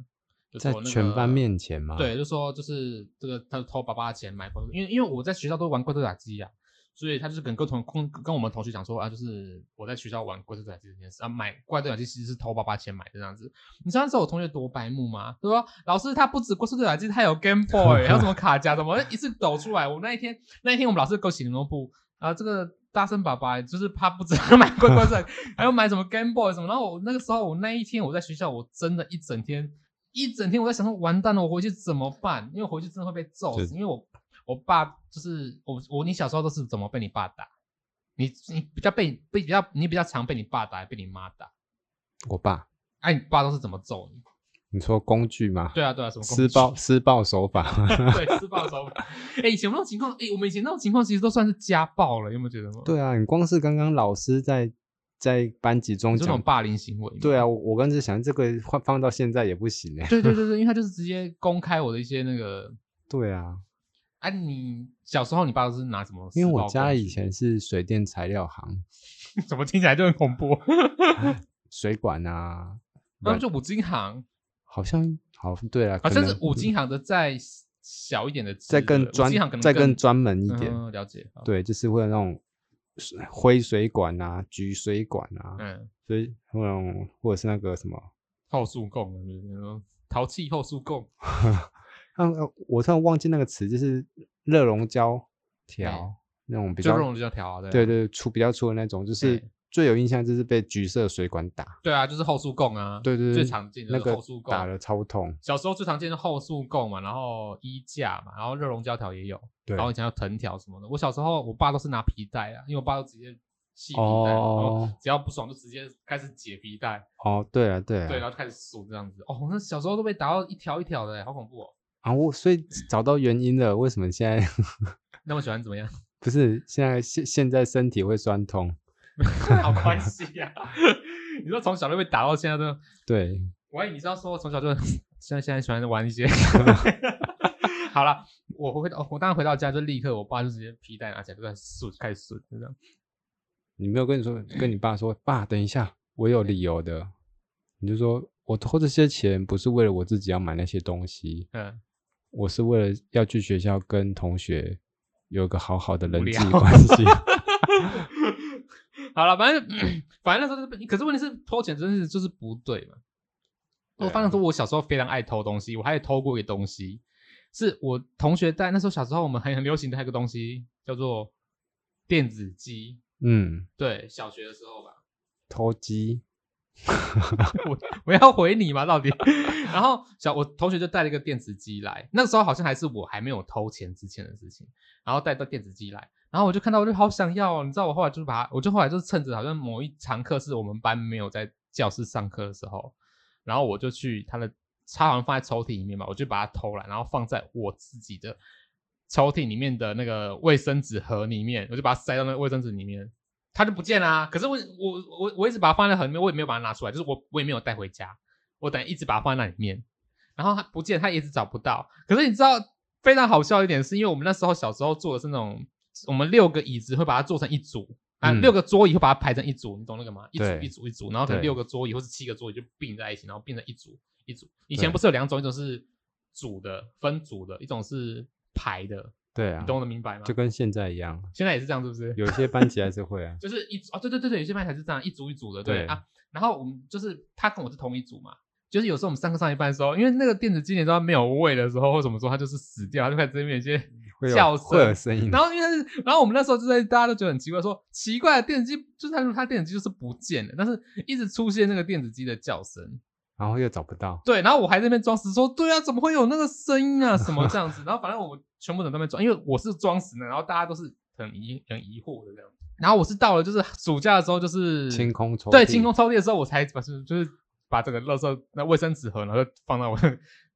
Speaker 2: 那個，在全班面前嘛，對，就說就是這個他偷爸爸的錢買怪獸，因為因為我在學校都玩怪獸對打機啊。所以他就是跟同跟跟我們同學講說啊，就是我在學校玩怪獸對打機這件事啊，買怪獸對打機其實是偷爸爸錢買的這樣子。你知道那時候我同學多白目嗎？對吧？老師，他不止怪獸對打機，他有 Game Boy， 還有什麼卡夾，怎麼，一次抖出來。我那一天， 那一天我們老師夠喜怒不啊？這個大森爸爸就是怕不止買怪獸對打， 還要買什麼 Game Boy 什麼。然後我那個時候，我那一天我在學校，我真的，一整天，一整天我在想說，完蛋了，我回去怎麼辦？因為回去真的會被揍，因為我。我爸就是我，我你小時候都是怎麼被你爸打？你你比較被被比較你比較常被你爸打，還被你媽打？
Speaker 1: 我爸，
Speaker 2: 哎、啊，你爸都是怎麼揍你？
Speaker 1: 你說工具嗎？對啊，對啊，什麼工具？施暴施暴手法？ 對，施暴手
Speaker 2: 法。哎、 欸，以前那種情況，哎、欸，我們以前那種情況其實都算是家暴了，有沒有覺得嗎？
Speaker 1: 對啊，你光是剛剛老師在在班級中這種、就是、霸凌行為，對啊，我我剛才想這個放放到現在也不行哎。 對對對
Speaker 2: 對，因為他就是直接公開我的一些那個。
Speaker 1: 對啊。
Speaker 2: 哎、啊，你小時候你爸是拿什麼？因為我家
Speaker 1: 以前是水電材料行， 怎麼聽起來就很恐怖？ 水管啊，
Speaker 2: 那就五金行，
Speaker 1: 好像好對啊，像是五金
Speaker 2: 行的再小一點的，嗯，再更專，可能再更專門一點，嗯、了解。
Speaker 1: 對，就是會有那種灰水管啊，橘水管啊，嗯，所以那或者是那個什麼
Speaker 2: 套塑共，淘氣後塑共。
Speaker 1: 啊、我突然忘記那個詞，就是熱熔膠條那種比較熱熔膠條，對對對，粗比較粗的那種，就是、欸、最有印象就是被橘色水管打。
Speaker 2: 對啊，就是後束供啊，對對對、就是，最常見的後束供那個打
Speaker 1: 了超痛、啊。
Speaker 2: 小時候最常見的後束供嘛，然後衣架嘛，然後熱熔膠條也有對，然後以前有藤條什麼的。我小時候我爸都是拿皮帶啊，因為我爸都直接繫皮帶，哦。只要不爽就直接開始解皮帶。
Speaker 1: 哦，對啊，對啊。對，然
Speaker 2: 後就開始數這樣子。哦，那小時候都被打到一條一條的，欸，好恐怖哦。
Speaker 1: 啊，我所以找到原因了，為什麼現
Speaker 2: 在 那麼喜歡怎麼樣？
Speaker 1: 不是，現在現現在身體會痠痛，
Speaker 2: 好關係係啊！ 你說從小就被打到現在都對，萬一你知道說，我從小就現在現在喜歡玩一些。 好了，我回到我當時回到家就立刻，我爸就直接皮帶拿起來就在數，開始數就這樣。
Speaker 1: 你沒有跟你說，跟你爸說， 爸，等一下，我有理由的。 你就說我偷這些錢不是為了我自己要買那些東西，嗯。我是為了要去學校跟同學有個好好的人際關係。 好了，反正、嗯、
Speaker 2: 反正那時候、就是、可是問題是偷錢真、就是就是不對嘛。對，我發現說，我小時候非常愛偷東西，我還偷過一個東西，是我同學在那時候小時候，我們很很流行的一個東西叫做電子雞。嗯，對，小學的時候吧，
Speaker 1: 偷雞。
Speaker 2: 我我要回你嗎？到底？ 然後小我同學就帶了一個電子雞來，那時候好像還是我還沒有偷錢之前的事情。然後帶到電子雞來，然後我就看到，我就好想要，你知道，我後來就把它，我就後來就是趁着好像某一堂課是我們班沒有在教室上課的時候，然後我就去他的插完放在抽屜裡面嘛，我就把它偷來，然後放在我自己的抽屜裡面的那個衛生紙盒裡面，我就把它塞到那衛生紙裡面。它就不見了。啊，可是我我我我一直把它放在盒裡面，我也沒有把它拿出來，就是我我也沒有帶回家，我等一下一直把它放在那裡面，然後它不見，它也一直找不到。可是你知道非常好笑一點，是因為我們那時候小時候做的是那種，我們六個椅子會把它做成一組，啊、嗯、六個桌椅會把它排成一組，你懂那個嗎？一組一組一組，一組，然後跟六個桌椅或是七個桌椅就併在一起，然後變成一組一組。以前不是有兩種，一種是組的分組的，一種是排的。對啊，你懂得明白嗎？就
Speaker 1: 跟現在一樣，
Speaker 2: 現在也是這樣，是不是？有些
Speaker 1: 班級還是會啊， 就
Speaker 2: 是一啊，對、哦、對對對，有些班級還是這樣，一組一組的，對，對啊。然後我們就是他跟我是同一組嘛，
Speaker 1: 就是有時候我們
Speaker 2: 上課上一半的時候，因為那個電子雞你知道沒有餵的時候或什麼說，他就是死掉，他就開始這邊有些叫聲、聲。然後因為他是，然後我們那時候就在大家都覺得很奇怪，說奇怪，電子雞就是他說他電子雞就是不見了，但是一直出現那個電子雞的叫聲，
Speaker 1: 然後又找不到。
Speaker 2: 對，然後我還在那邊裝死說，對啊，怎麼會有那個聲音啊？什麼這樣子？然後反正我。 全部在那邊裝，因為我是裝死呢，然後大家都是很疑、很疑惑的那樣。然後我是到了就是暑假的時候，就是清空抽，對，清空抽屜的時候，我才把就是、就是、把這個垃圾那衛生紙盒，
Speaker 1: 然後放到我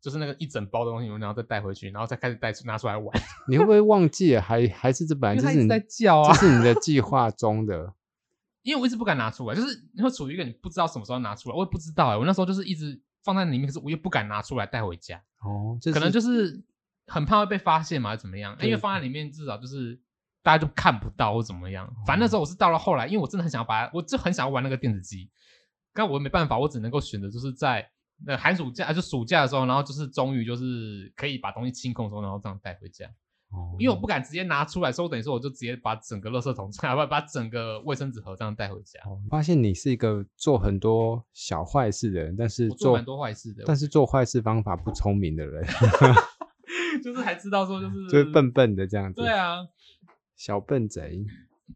Speaker 2: 就是那個一整包的東西，然後再帶回去，然後再開始帶出拿出來玩。你會
Speaker 1: 不會忘記還還是這本來就是你一直在叫啊，這是你的計劃中的？
Speaker 2: 因為我一直不敢拿出來，就是你會處於一個你不知道什麼時候拿出來，我也不知道、欸。我那時候就是一直放在裡面，可是我又不敢拿出來帶回家。哦、
Speaker 1: 就是，可能就
Speaker 2: 是。很怕會被發現嘛，怎麼樣？欸、因為放在裡面，至少就是大家就看不到或怎麼樣。反正那時候我是到了後來，因為我真的很想要把它，我就很想要玩那個電子機。但我沒辦法，我只能夠選擇就是在寒暑假，就暑假的時候，然後就是終於就是可以把東西清空之後，然後這樣帶回家，哦。因為我不敢直接拿出來，所以我等於說我就直接把整個垃圾桶，把把整個衛生紙盒這樣帶回家，哦。
Speaker 1: 發現你是一個做很多小壞事的人，但是做很多
Speaker 2: 壞事的，但是
Speaker 1: 做壞事方法不聰明的人。
Speaker 2: 就是還知道說就是，就是笨
Speaker 1: 笨的這樣子。對啊，小笨賊。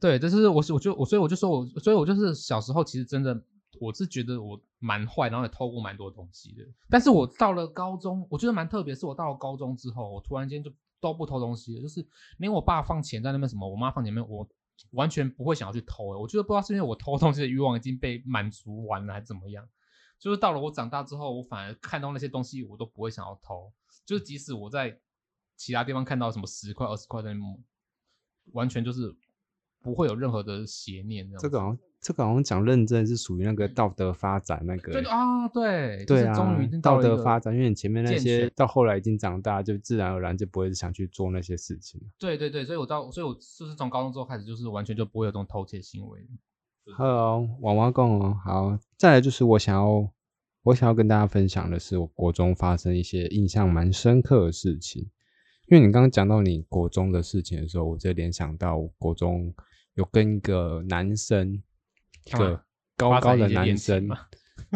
Speaker 1: 對，就是我，是，我就我，所以我就說，我，所
Speaker 2: 以我就是小時候其實真的，我是覺得我蠻壞，然後也偷過蠻多東西的。但是我到了高中，我覺得蠻特別，是，我到了高中之後，我突然間就都不偷東西了，就是連我爸放錢在那邊什麼，我媽放錢裡面，我完全不會想要去偷了、欸。我覺得不知道是因為我偷東西的慾望已經被滿足完了，還是怎麼樣。就是到了我長大之後，我反而看到那些東西，我都不會想要偷。就是即使我在其他地方看到什麼十塊二十塊的完全就是不會有任何的邪念。這樣
Speaker 1: 這個，這個好像講、這個、認真是屬於那個道德發展那個。對啊、
Speaker 2: 哦，對，對啊、就是終於已經到。道德發
Speaker 1: 展，因為你前面那些到後來已經長大，就自然而然就不會想去做那些事情，
Speaker 2: 對對對，所以我到，所以我就是從高中之後開始，就是完全就不會有這種偷竊行為。
Speaker 1: Hello，玩玩公、哦哦，好。再來就是我想要。我想要跟大家分享的是，我國中發生一些印象蠻深刻的事情。因為你剛剛講到你國中的事情的時候，我就聯想到我國中有跟一個男生，一個高高的男生，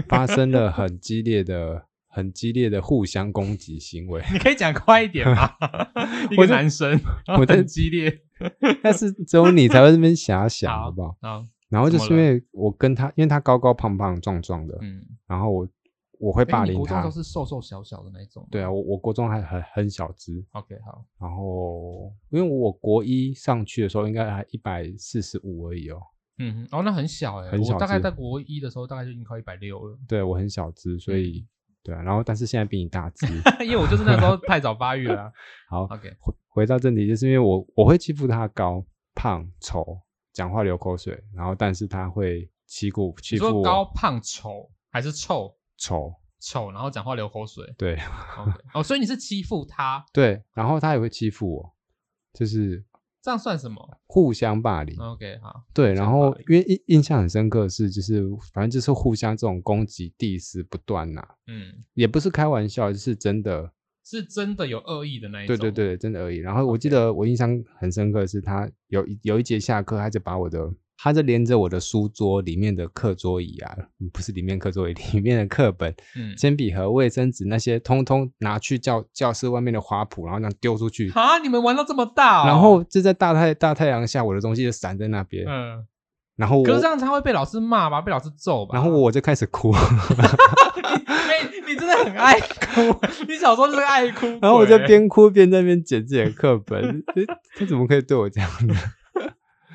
Speaker 1: 發生了很激烈的、很激烈的互相攻擊行為。你可以講快一點嗎？我 男生， 我真的激烈， 但是只有你才會這麼遐想，好不好？然後就是因為我跟他，因為他高高胖胖壯壯的，嗯，然後我。我會霸凌他。你國
Speaker 2: 中都是瘦瘦小小的那種？
Speaker 1: 對啊，我我國中還很很小只。OK，好。然後因為我國一上去的時候應該還一百四十五而已
Speaker 2: 哦。嗯哼，然、哦、後那很小哎、欸，我大概在國一的時候大概就已經到一百六了。
Speaker 1: 對，我很小只，所以、嗯、對啊。然後但是現在比你大只， 因為我就是那時候太早發育了、啊。 好，OK 回。回回到正題，就是因為我我會欺負他高胖醜，講話流口水，然後但是他會欺負欺負我。說高
Speaker 2: 胖醜還是臭。醜醜，然後講話流口水。
Speaker 1: 對，哦、okay.
Speaker 2: ，oh, 所以你是欺負他。
Speaker 1: 對，然後他也會欺負我，就是這樣算什麼？互相霸凌。OK，好。對，然後因為印印象很深刻的是，就是反正就是互相這種攻擊，diss 不斷吶。嗯，也不是開玩笑，就是真的，
Speaker 2: 是真的有惡意的那一種。對
Speaker 1: 對對，真的惡意。然後我記得我印象很深刻的是，他有、okay. 有一，有一節下課，他就把我的。它就連着我的書桌裡面的課桌椅啊，不是裡面課桌椅，裡面的課本、鉛、嗯、筆盒、衛生紙那些，通通拿去教教室外面的花圃，然後那樣丟出去。啊！你們玩到這麼大、哦，然後就在大太大太陽下，我的東西就散在那邊。嗯，然後我可是這樣
Speaker 2: 會被老師罵吧，被老師揍
Speaker 1: 吧。然後我就開始哭。
Speaker 2: 你、欸、你真的很愛哭， 你小時候就是愛哭。然後我就邊
Speaker 1: 哭邊在那邊撿撿課本。哎、 欸，他怎麼可以對我這樣呢？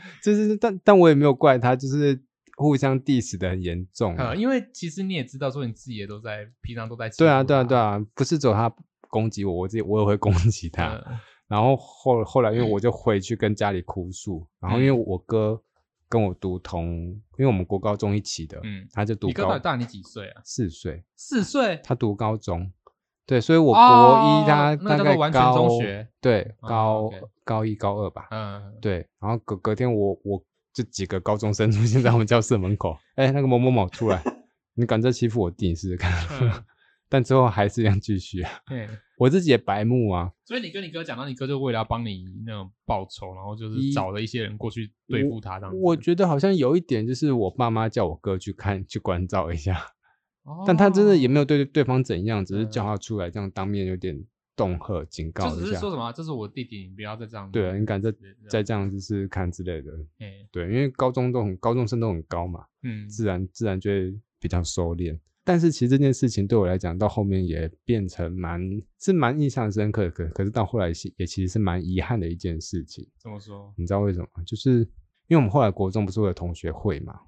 Speaker 1: 就是，但但我也沒有怪他，就是互相 diss 得很嚴重，啊嗯。因
Speaker 2: 為其實你也知道，說你自己也都在，平常都在。對啊，對啊，
Speaker 1: 對啊，不是只有他攻擊我，我自己我也會攻擊他，嗯。然後後後來，因為我就回去跟家裡哭訴，嗯。然後因為我哥跟我讀同，因為我們國高中一起的，嗯，他就讀高，嗯、你哥到底大你幾歲啊？四歲，四歲，他讀高中。對，所以我國一他大概高，哦，那個，叫做完全中學對高，哦 okay，高一高二吧，嗯，對。然後隔隔天我，我我這幾個高中生出現在我們教室門口，哎，欸，那個某某某出來， 你敢再欺負我弟試試看，嗯？但之後還是一樣繼續，啊嗯。我自己也白目啊。
Speaker 2: 所以你跟你哥講到，你哥就為了要幫你那種報仇，然後就是找了一些人過去對付他這樣
Speaker 1: 子我。我覺得好像有一點，就是我爸媽叫我哥去看去關照一下。但他真的也沒有對對，對方怎樣，哦，只是叫他出來，對對對，這樣當面有點恫嚇、警告一下，只是說什
Speaker 2: 麼、啊，這是我弟弟，你不要再這樣
Speaker 1: 對、啊。對，你敢再再這樣就是看之類的。對，因為高中都很高中生都很高嘛，嗯，自然自然就會比較收斂。但是其實這件事情對我來講，到後面也變成蠻是蠻印象深刻的。可可是到後來也其實是蠻遺憾的一件事情。怎麼說？你知道為什麼？就是因為我們後來國中不是會有同學會嘛？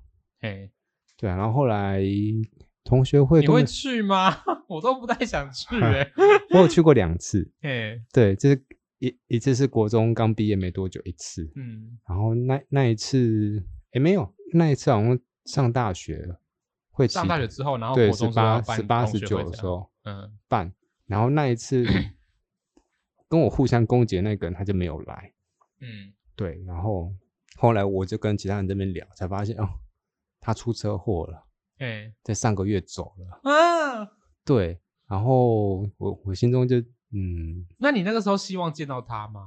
Speaker 1: 對、啊、然後後來。同學會都你會去
Speaker 2: 嗎？我都不太
Speaker 1: 想去哎、欸啊。我有去過兩次，哎， 對，就是一一次是國中剛畢業沒多久一次，嗯，然後那那一次，哎、欸，沒有，那一次好像上大學了。會起上大學之後，然後國中後對 18, 18, 19時候辦八十九的時候，嗯，辦。然後那一次跟我互相攻擊的那個人他就沒有來，嗯，對。然後後來我就跟其他人這邊聊，才發現哦，他出車禍了。哎、欸，在上個月走了
Speaker 2: 啊，
Speaker 1: 對，然後我我心中就嗯，
Speaker 2: 那你那個時候希望見到他嗎？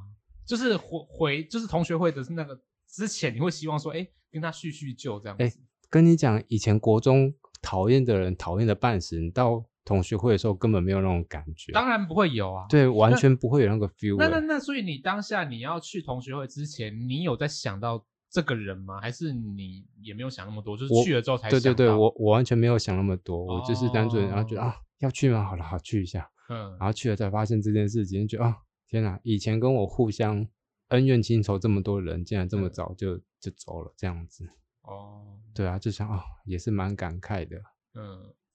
Speaker 2: 就是回回就是同學會的是那個之前你會希望說哎、欸、跟他敘敘舊這樣？哎、欸，
Speaker 1: 跟你講，以前國中討厭的人討厭的半死，你到同學會的時候根本沒有那種感覺，
Speaker 2: 當然不會有啊，對，完全不
Speaker 1: 會有那個 feel 那。那那
Speaker 2: 那，那，所以你當下你要去同學會之前，你有在想到？這個人嗎？還是你也沒有想那麼多？就是去了之後才想……對對對，我
Speaker 1: 我完全沒有想那麼多，嗯、我就是單純，然後覺得、哦、啊，要去嗎？好了，好去一下。嗯，然後去了才發現這件事情，覺得啊，天哪！以前跟我互相恩怨情仇這麼多人，竟然這麼早就、嗯、就、就走了，這樣子。哦，對啊，就想哦、啊，也是蠻感慨的。嗯，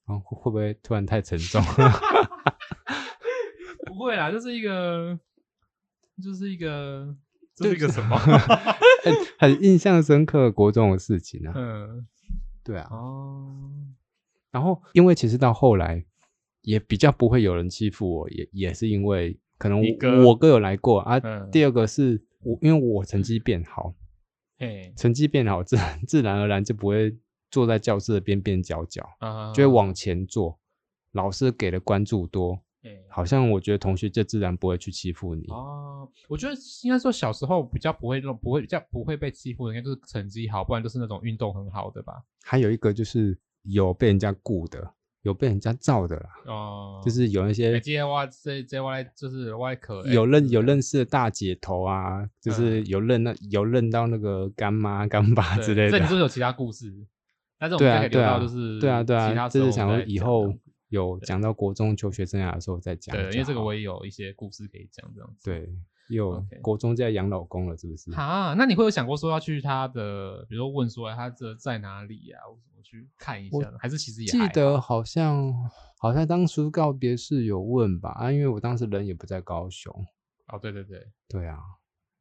Speaker 1: 然、啊、後會不會突然太沉重？
Speaker 2: 不會啦，就是一個，就是一個。這個什麼很
Speaker 1: 很印象深刻的國中的事情啊。嗯，對啊。哦，然後因為其實到後來也比較不會有人欺負我，也也是因為可能我哥我哥有來過啊。第二個是我因為我成績變好，成績變好自自然而然就不會坐在教室的邊邊角角，就會往前坐，老師給的關注多。好像我覺得同學就自然不會去欺負你哦。
Speaker 2: 我覺得應該說小時候比較不會那種不會比較不會被欺負的，應該就是成績好，不然就是那種運動很好的吧。
Speaker 1: 還有一個就是有被人家雇的，有被人家罩的啦。哦，就是有那些
Speaker 2: Y 外 J Y，就是外有認有認，
Speaker 1: 有認識的大姐頭啊，就是有認那、嗯、有認到那個乾媽乾爸之類的。那你
Speaker 2: 是有其他故事，但是我們就是對啊對啊，其他就是想以後。
Speaker 1: 有講到國中求學生涯的時候再講，對，因為這個我也有一些故事可以講，這樣子。對，有國中在養老公了，Okay. 是不是？
Speaker 2: 好，那你會有想過說要去他的，比如說問說他這在哪裡呀、啊，我怎麼去看一下？還是其實也記得
Speaker 1: 好像好像當初告別式有問吧？啊，因為我當時人也不在高雄。
Speaker 2: 哦，對對對，對
Speaker 1: 啊，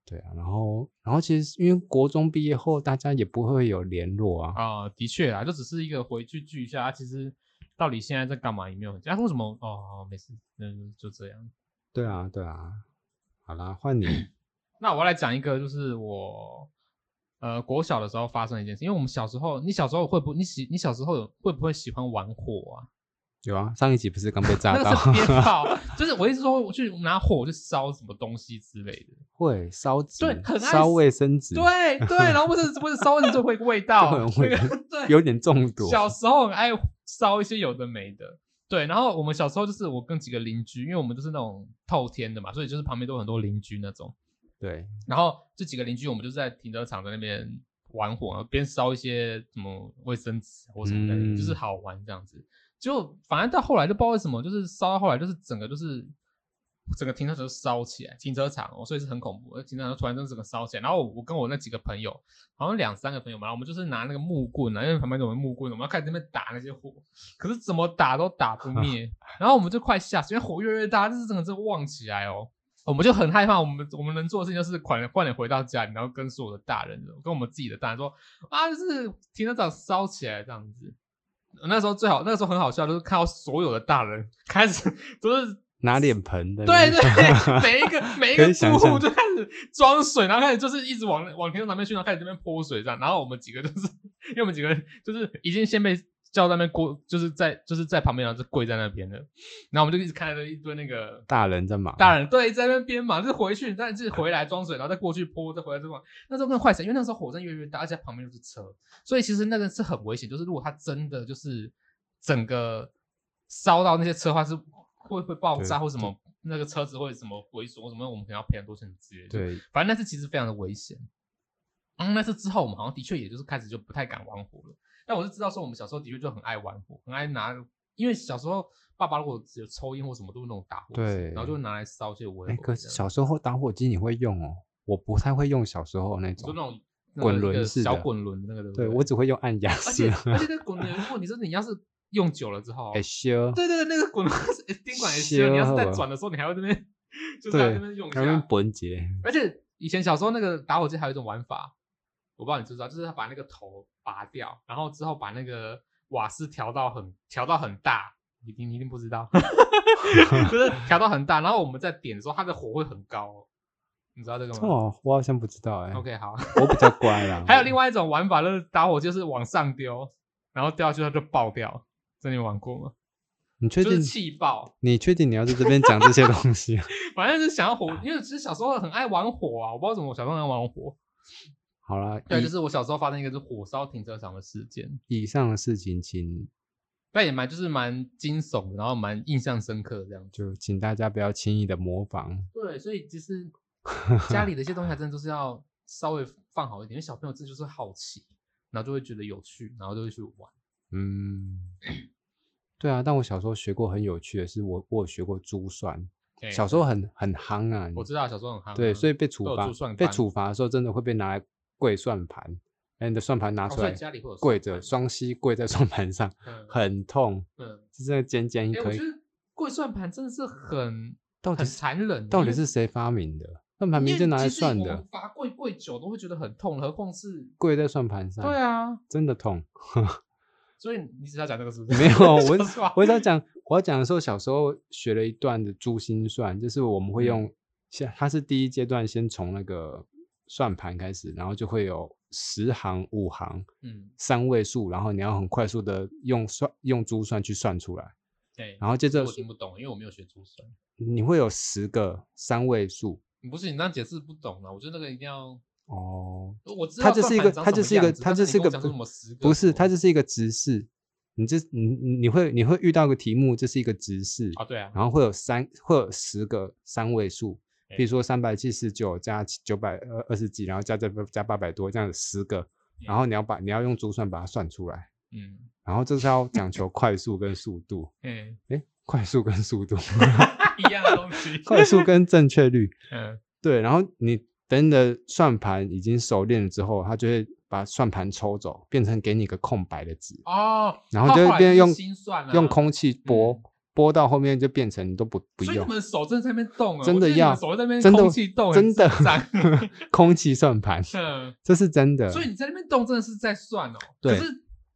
Speaker 1: 對啊。對啊，然後然後其實因為國中畢業後大家也不會有聯絡啊。
Speaker 2: 啊、呃，的確啊，就只是一個回去聚一下、啊，其實。到底現在在幹嘛？也沒有，這、啊、樣為什麼？哦，
Speaker 1: 沒事，嗯，就這樣。對啊，對啊，好啦，換你。
Speaker 2: 那我來講一個，就是我，呃，國小的時候發生一件事，因為我們小時候，你小時候會不？你喜你小時候會不會喜歡玩火啊？
Speaker 1: 有啊，上一集不是剛被炸到？ 那個是
Speaker 2: 別 就是我一直說我去拿火去燒什麼東西之類的，
Speaker 1: 會燒紙，對很愛，燒衛生紙，對對，然後
Speaker 2: 不是 不是燒衛生紙就會味道，
Speaker 1: 因為 有點中重毒。 小
Speaker 2: 時候很愛。燒一些有的沒的，對。然後我們小時候就是我跟幾個鄰居，因為我們就是那種透天的嘛，所以就是旁邊都很多鄰居那種。對。然後這幾個鄰居，我們就是在停車場在那邊玩火，啊，邊燒一些什麼衛生紙或什麼的，嗯，就是好玩這樣子。就反正到後來就不知道為什麼，就是燒到後來就是整個就是。整個停車場燒起來，停車場，哦，所以是很恐怖。停車場就突然間整個燒起來，然後我，我跟我那幾個朋友，好像兩三個朋友嘛，我們就是拿那個木棍啊，因為旁邊有個木棍，我們要開始那邊打那些火，可是怎麼打都打不滅。啊、然後我們就快下去，因為火越來越大，就是整個這旺起來哦，我們就很害怕。我們我們能做的事情就是快點快點回到家裡，然後跟所有的大人，跟我們自己的大人說，啊，就是停車場燒起來這樣子。那時候最好，那時候很好笑，就是看到所有的大人開始都、就是。
Speaker 1: 拿臉盆的，對對對，每一個每一個住戶就開
Speaker 2: 始裝水， 然後開始就是一直往往停車場那邊去，然後開始這邊潑水這樣。然後我們幾個就是，因為我們幾個就是已經先被叫在那邊過，就是在就是在旁邊，然後就跪在那邊的。然後我們就一直看着一堆那個
Speaker 1: 大人在忙，大
Speaker 2: 人對，在那邊編忙，就是、回去，但就是回來裝水，然後再過去潑，再回來這麼忙。那時候更壞，險，因為那時候火山越來越大，而且旁邊又是車，所以其實那個是很危險，就是如果他真的就是整個燒到那些車的話是。會會爆炸或什麼，那個車子會什麼毀損或什麼，我們可能要賠很多錢之類的。對。對，反正那次其實非常的危險。嗯，那次之後我們好像的確也就是開始就不太敢玩火了。但我是知道說我們小時候的確就很愛玩火，很愛拿，因為小時候爸爸如果只有抽煙或什麼都是那種打火機，然後就拿來燒些蚊。哎，可
Speaker 1: 是小時候打火機你會用哦？我不太會用小時候那種，就、嗯、那種、那個、滾輪式小滾
Speaker 2: 輪那個對對。對，我
Speaker 1: 只會用按壓式。
Speaker 2: 而且， 而且、而且那滾輪，如果你說你要是。用久了之後，
Speaker 1: 欸、對，對
Speaker 2: 對，那個滾是哎館，你要是再轉的時候，你還會在那邊，就是那邊用本下剛剛。而且以前小時候那個打火機還有一種玩法，我不知道你知不知道，就是他把那個頭拔掉，然後之後把那個瓦斯調到很調到很大，你你一定不知道，就是調到很大，然後我們再點的時候，它的火會很高，你知道這個嗎？哦、
Speaker 1: 我好像不知道哎、欸。OK，好，我比較乖啦。
Speaker 2: 還有另外一種玩法，就、那、是、個、打火機就是往上丟，然後掉下去它就爆掉。這你玩過嗎？
Speaker 1: 你確定氣、就是、爆？你確定你要在這邊講這些東西？
Speaker 2: 反 正是想要火、啊，因為其實小時候很愛玩火啊，我不知道怎麼，我小時候很愛玩火。
Speaker 1: 好了，對，就是
Speaker 2: 我小時候發生一個就是火燒停車場的事件。
Speaker 1: 以上的事情請，請
Speaker 2: 但也蠻就是蠻驚悚，然後蠻印象深刻的，這樣。
Speaker 1: 就請大家不要輕易的模仿。
Speaker 2: 對，所以其實家裡的一些東西，還真的就是要稍微放好一點。 因為小朋友真的就是好奇，然後就會覺得有趣，然後就會去玩。
Speaker 1: 嗯，對啊，但我小時候學過很有趣的是我，我我有學過珠算。欸，小時候很很憨啊，我知道小時候很憨。啊，對，所以被處罰被處罰的時候，真的會被拿來跪算盤，把你的算盤拿出來跪着，雙膝跪在算盤上，很痛，是、嗯、那、嗯、尖尖一顆
Speaker 2: 跪算盤真的是
Speaker 1: 很，到底是很殘忍，到底是誰發明的算盤？明明就拿來算的，
Speaker 2: 罰跪跪久都會覺得很痛，何況是
Speaker 1: 跪在算盤上？對啊，真的痛。
Speaker 2: 所以你只要講這個是不是？沒有，我
Speaker 1: 我，我要講，我講的時候，小時候學了一段的珠心算，就是我們會用，嗯，它是第一階段，先從那個算盤開始，然後就會有十行、五行，嗯，三位數，然後你要很快速的用算用珠算去算出來。對，然後接着我聽
Speaker 2: 不懂，因為我沒有學珠
Speaker 1: 算。你會有十個三位數？
Speaker 2: 不是，你那解釋不懂了，我覺得那個一定要。哦，我知道。他這是一個，他這是一個，他這是一個，不是，他
Speaker 1: 這是一個直式。你這你你會你會遇到一個題目，這是一個直式啊，對啊。然後會有三，會有十個三位數、欸，比如說三百七十九加九百二二十幾，然後加這加加八百多，這樣子十個、欸。然後你要把你要用珠算把它算出來，嗯。然後這是要講求快速跟速度，嗯、欸，哎、欸，快速跟速度一樣的東西， 快速跟正確率，嗯，對，然後你。等你的算盤已經熟練了之後，它就會把算盤抽走，變成給你一個空白的紙
Speaker 2: 哦，然後就會變用、啊、用空
Speaker 1: 氣撥撥、嗯、到後面就變成你都不不用。所以
Speaker 2: 我們手真的在那邊動，真的要手在那邊空氣動真，
Speaker 1: 真的， 空氣算盤， 這是真的。所
Speaker 2: 以你在那邊動，真的是在算哦。對。可是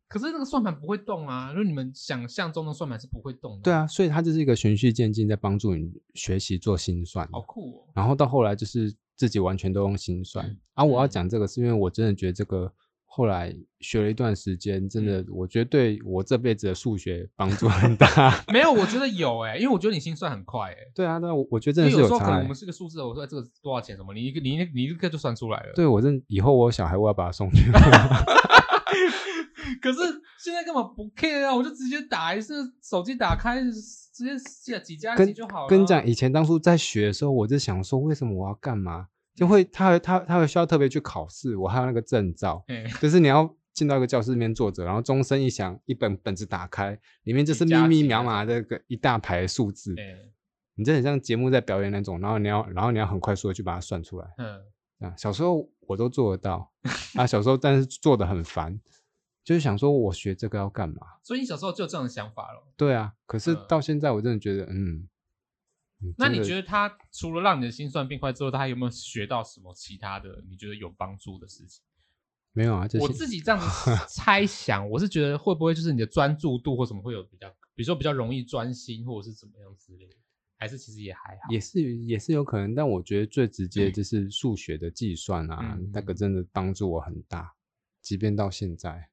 Speaker 2: 可是那個算盤不會動啊，因為你們想象中的算盤是不會動的。
Speaker 1: 對啊，所以它就是一個循序漸進，在幫助你學習做心算，好酷哦。然後到後來就是。自己完全都用心算，而、啊、我要講這個是因為我真的覺得這個後來學了一段時間，真的我覺得對我這輩子的數學幫助很大。
Speaker 2: 沒有，我覺得有哎、欸，因為我覺得你心算很快哎、欸。
Speaker 1: 對啊，那我我覺得真的是有，有時候可能我們
Speaker 2: 是個數字，我說、哎、這個多少錢什麼，你一個你一你，你一個就算出來了。對，
Speaker 1: 我真以後我有小孩我要把他送去。
Speaker 2: 可是現在幹嘛不 care 啊？我就直接打一次，還是手機打開。直
Speaker 1: 接幾家跟就好了跟。跟你講，以前當初在學的時候，我就想說，為什麼我要幹嘛？嗯、就會他他他會需要特別去考試，我還有那個證照、嗯。就是你要進到一個教室裡面坐着，然後鐘聲一響，一本本子打開，裡面就是密密麻麻的一大排的數字。嗯、你這很像節目在表演那種，然後你要然後你要很快速的去把它算出來。嗯、啊，小時候我都做得到，啊、小時候但是做得很煩。嗯嗯就是想說，我學這個要幹嘛？
Speaker 2: 所以你小時候就有這樣的想法了？
Speaker 1: 對啊。可是到現在，我真的覺得，呃、嗯、這個，那你覺
Speaker 2: 得他除了讓你的心算變快之外，他還有沒有學到什麼其他的？你覺得有幫助的事情？
Speaker 1: 沒有啊，就是、我自己這樣子猜想，
Speaker 2: 我是覺得會不會就是你的專注度或什麼會有比較，比如說比較容易專心，或者是怎麼樣之類的？還是其實也還
Speaker 1: 好？也是，也是有可能。但我覺得最直接就是數學的計算啊，那個真的幫助我很大，嗯，即便到現在。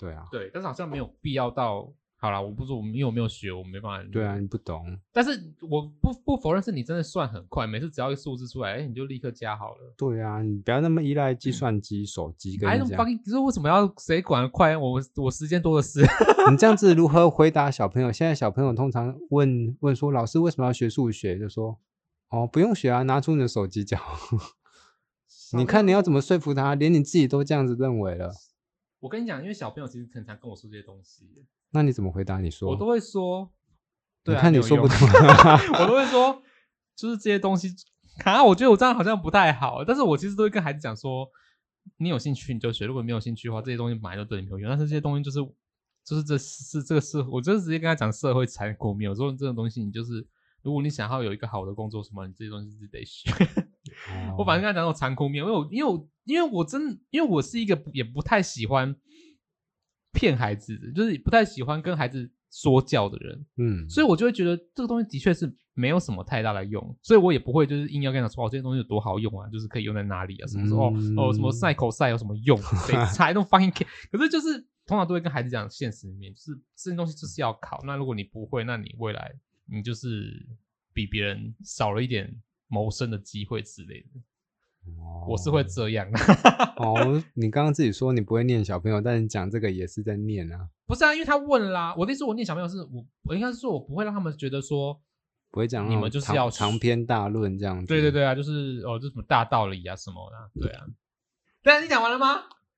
Speaker 1: 對啊，
Speaker 2: 對，但是好像沒有必要到，哦、好啦，我不做，因為我沒有學，我沒辦法。對
Speaker 1: 啊，你不懂。
Speaker 2: 但是我不不否認，是你真的算很快，每次只要一數字出來，哎，你就立刻加好了。
Speaker 1: 對啊，你不要那麼依賴計算機、嗯、手機跟講。哎，你你說為什麼要誰管得快？我我時間多的是。 你這樣子如何回答小朋友？現在小朋友通常問問說，老師為什麼要學數學？就說哦，不用學啊，拿出你的手機教。 你看你要怎麼說服他？連你自己都這樣子認為了。
Speaker 2: 我跟你講，因為小朋友其實很常跟我說這些東西。
Speaker 1: 那你怎麼回答？你說我都會說，對、啊、你看你說不？ 我都
Speaker 2: 會說，就是這些東西啊，我覺得我這樣好像不太好。但是我其實都會跟孩子講說，你有興趣你就學，如果沒有興趣的話，這些東西買都對你沒有用。但是這些東西就是就是這是這個社，我就直接跟他講社會殘酷沒有，我說這種東西，你就是如果你想要有一個好的工作什麼，你這些東西是得學。 Oh. 我反正跟他講到殘酷沒有，因為我。因為我真，因為我是一個也不太喜歡騙孩子的，就是不太喜歡跟孩子說教的人，嗯，所以我就會覺得這個東西的確是沒有什麼太大的用，所以我也不會就是硬要跟他說我這些東西有多好用啊，就是可以用在哪裡啊，什麼時候、嗯、哦什麼賽口賽有什麼用，才那種發音。可可是就是通常都會跟孩子講，現實裡面就是這些東西就是要考，那如果你不會，那你未來你就是比別人少了一點謀生的機會之類的。哦、我
Speaker 1: 是會這樣。 哦，你剛剛自己說你不會念小朋友，但你講這個也是在念啊。
Speaker 2: 不是啊，因為他問啦。我那時候我念小朋友是，是我我應該是說，我不會讓他們覺得說
Speaker 1: 不會講，你們就是要長篇大論這樣子。
Speaker 2: 對對對啊，就是哦，這什麼大道理啊什麼的。對啊。對啊，你講完了嗎？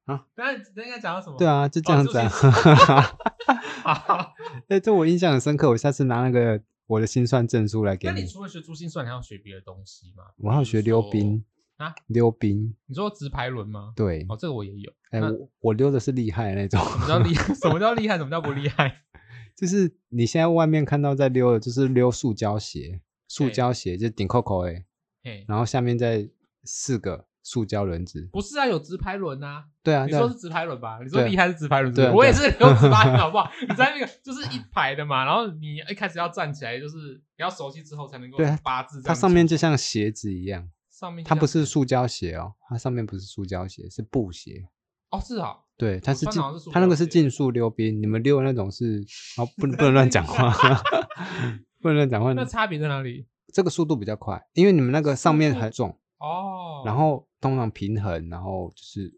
Speaker 2: 啊，對啊，咱應該講到什麼？對啊，就這樣子啊。哈哈
Speaker 1: 哈哈哈！哎，這 我印象很深刻，我下次拿那個我的心算證書來給你。那你
Speaker 2: 除了學珠心算，你還要學別的東西嗎？
Speaker 1: 我還要學溜冰。啊、溜冰？
Speaker 2: 你說直排輪嗎？對，哦，這個我也有。哎、欸，
Speaker 1: 我溜的是厲害那種。什麼叫厲害？
Speaker 2: 什麼叫厲害？什麼叫不厲害？
Speaker 1: 就是你現在外面看到在溜的，就是溜塑膠鞋，塑膠鞋就頂扣扣哎，然後下面再四個塑膠輪子。不
Speaker 2: 是啊，有直排輪啊。對啊，你說是直排輪吧？你說厲害是直排輪是不是對、啊？對，我也是溜直排輪，好不好？ 你在那個就是一排的嘛，然後你一開始要站起來，就是要熟悉之後才能夠八字對、啊。它上面
Speaker 1: 就像鞋子一樣。它不是塑膠鞋哦、喔，它上面不是塑膠鞋，是布鞋哦，是啊、哦，對，它是，是它那個是競速溜冰，你們溜的那種是， 哦，不能不能亂講話，不能亂講話， 話 那
Speaker 2: 差別在哪裡？
Speaker 1: 這個速度比較快，因為你們那個上面很重哦，然後通常平衡，然後就是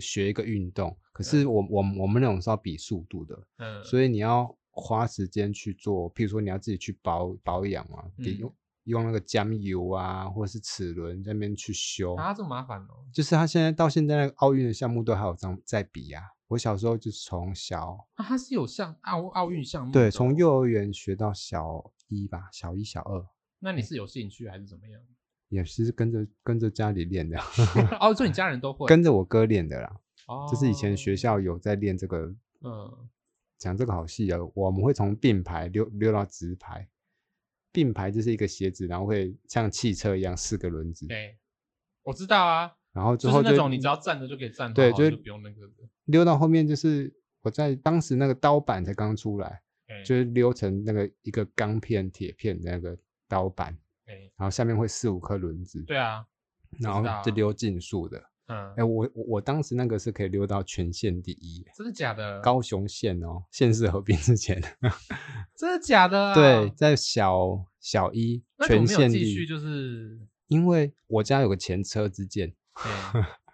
Speaker 1: 學一個運動、哦，可是我我我們那種是要比速度的，嗯，所以你要花時間去做，譬如說你要自己去保保養啊，比用那個醬油啊，或者是齒輪那邊去修啊，
Speaker 2: 這麼麻煩哦、喔。
Speaker 1: 就是他現在到現在那個奧運的項目都還有在在比呀、啊。我小時候就是從小、
Speaker 2: 啊，他是有上奧奧運項目，對，從
Speaker 1: 幼兒園學到小一吧，小一小二。
Speaker 2: 那你是有興趣還是怎麼樣？
Speaker 1: 欸、也是跟着跟着家裡練的。 哦，所以你家人都會跟着我哥練的啦。哦，就是以前學校有在練這個，嗯，講這個好戲啊、喔。我們會從並排溜溜到直排。並排就是一個鞋子，然後會像汽車一樣四個輪子。Okay,
Speaker 2: 我知道啊。
Speaker 1: 然後之後就，就是那種你只要站着就可以站，對，好好就不用那個溜到後面。就是我在當時那個刀板才剛出來，Okay. 就是溜成那個一個鋼片鐵片的那個刀板，Okay. 然後下面會四五顆輪子。對啊，然後就溜競速的。Okay. 嗯，哎、欸，我我當時那個是可以溜到全縣第一，
Speaker 2: 真的假的？高
Speaker 1: 雄縣哦、喔，縣市合併之前，
Speaker 2: 真的假的、啊？對，
Speaker 1: 在小小一、就是，全縣第一。那繼續？就是因為我家有個前車之鑑，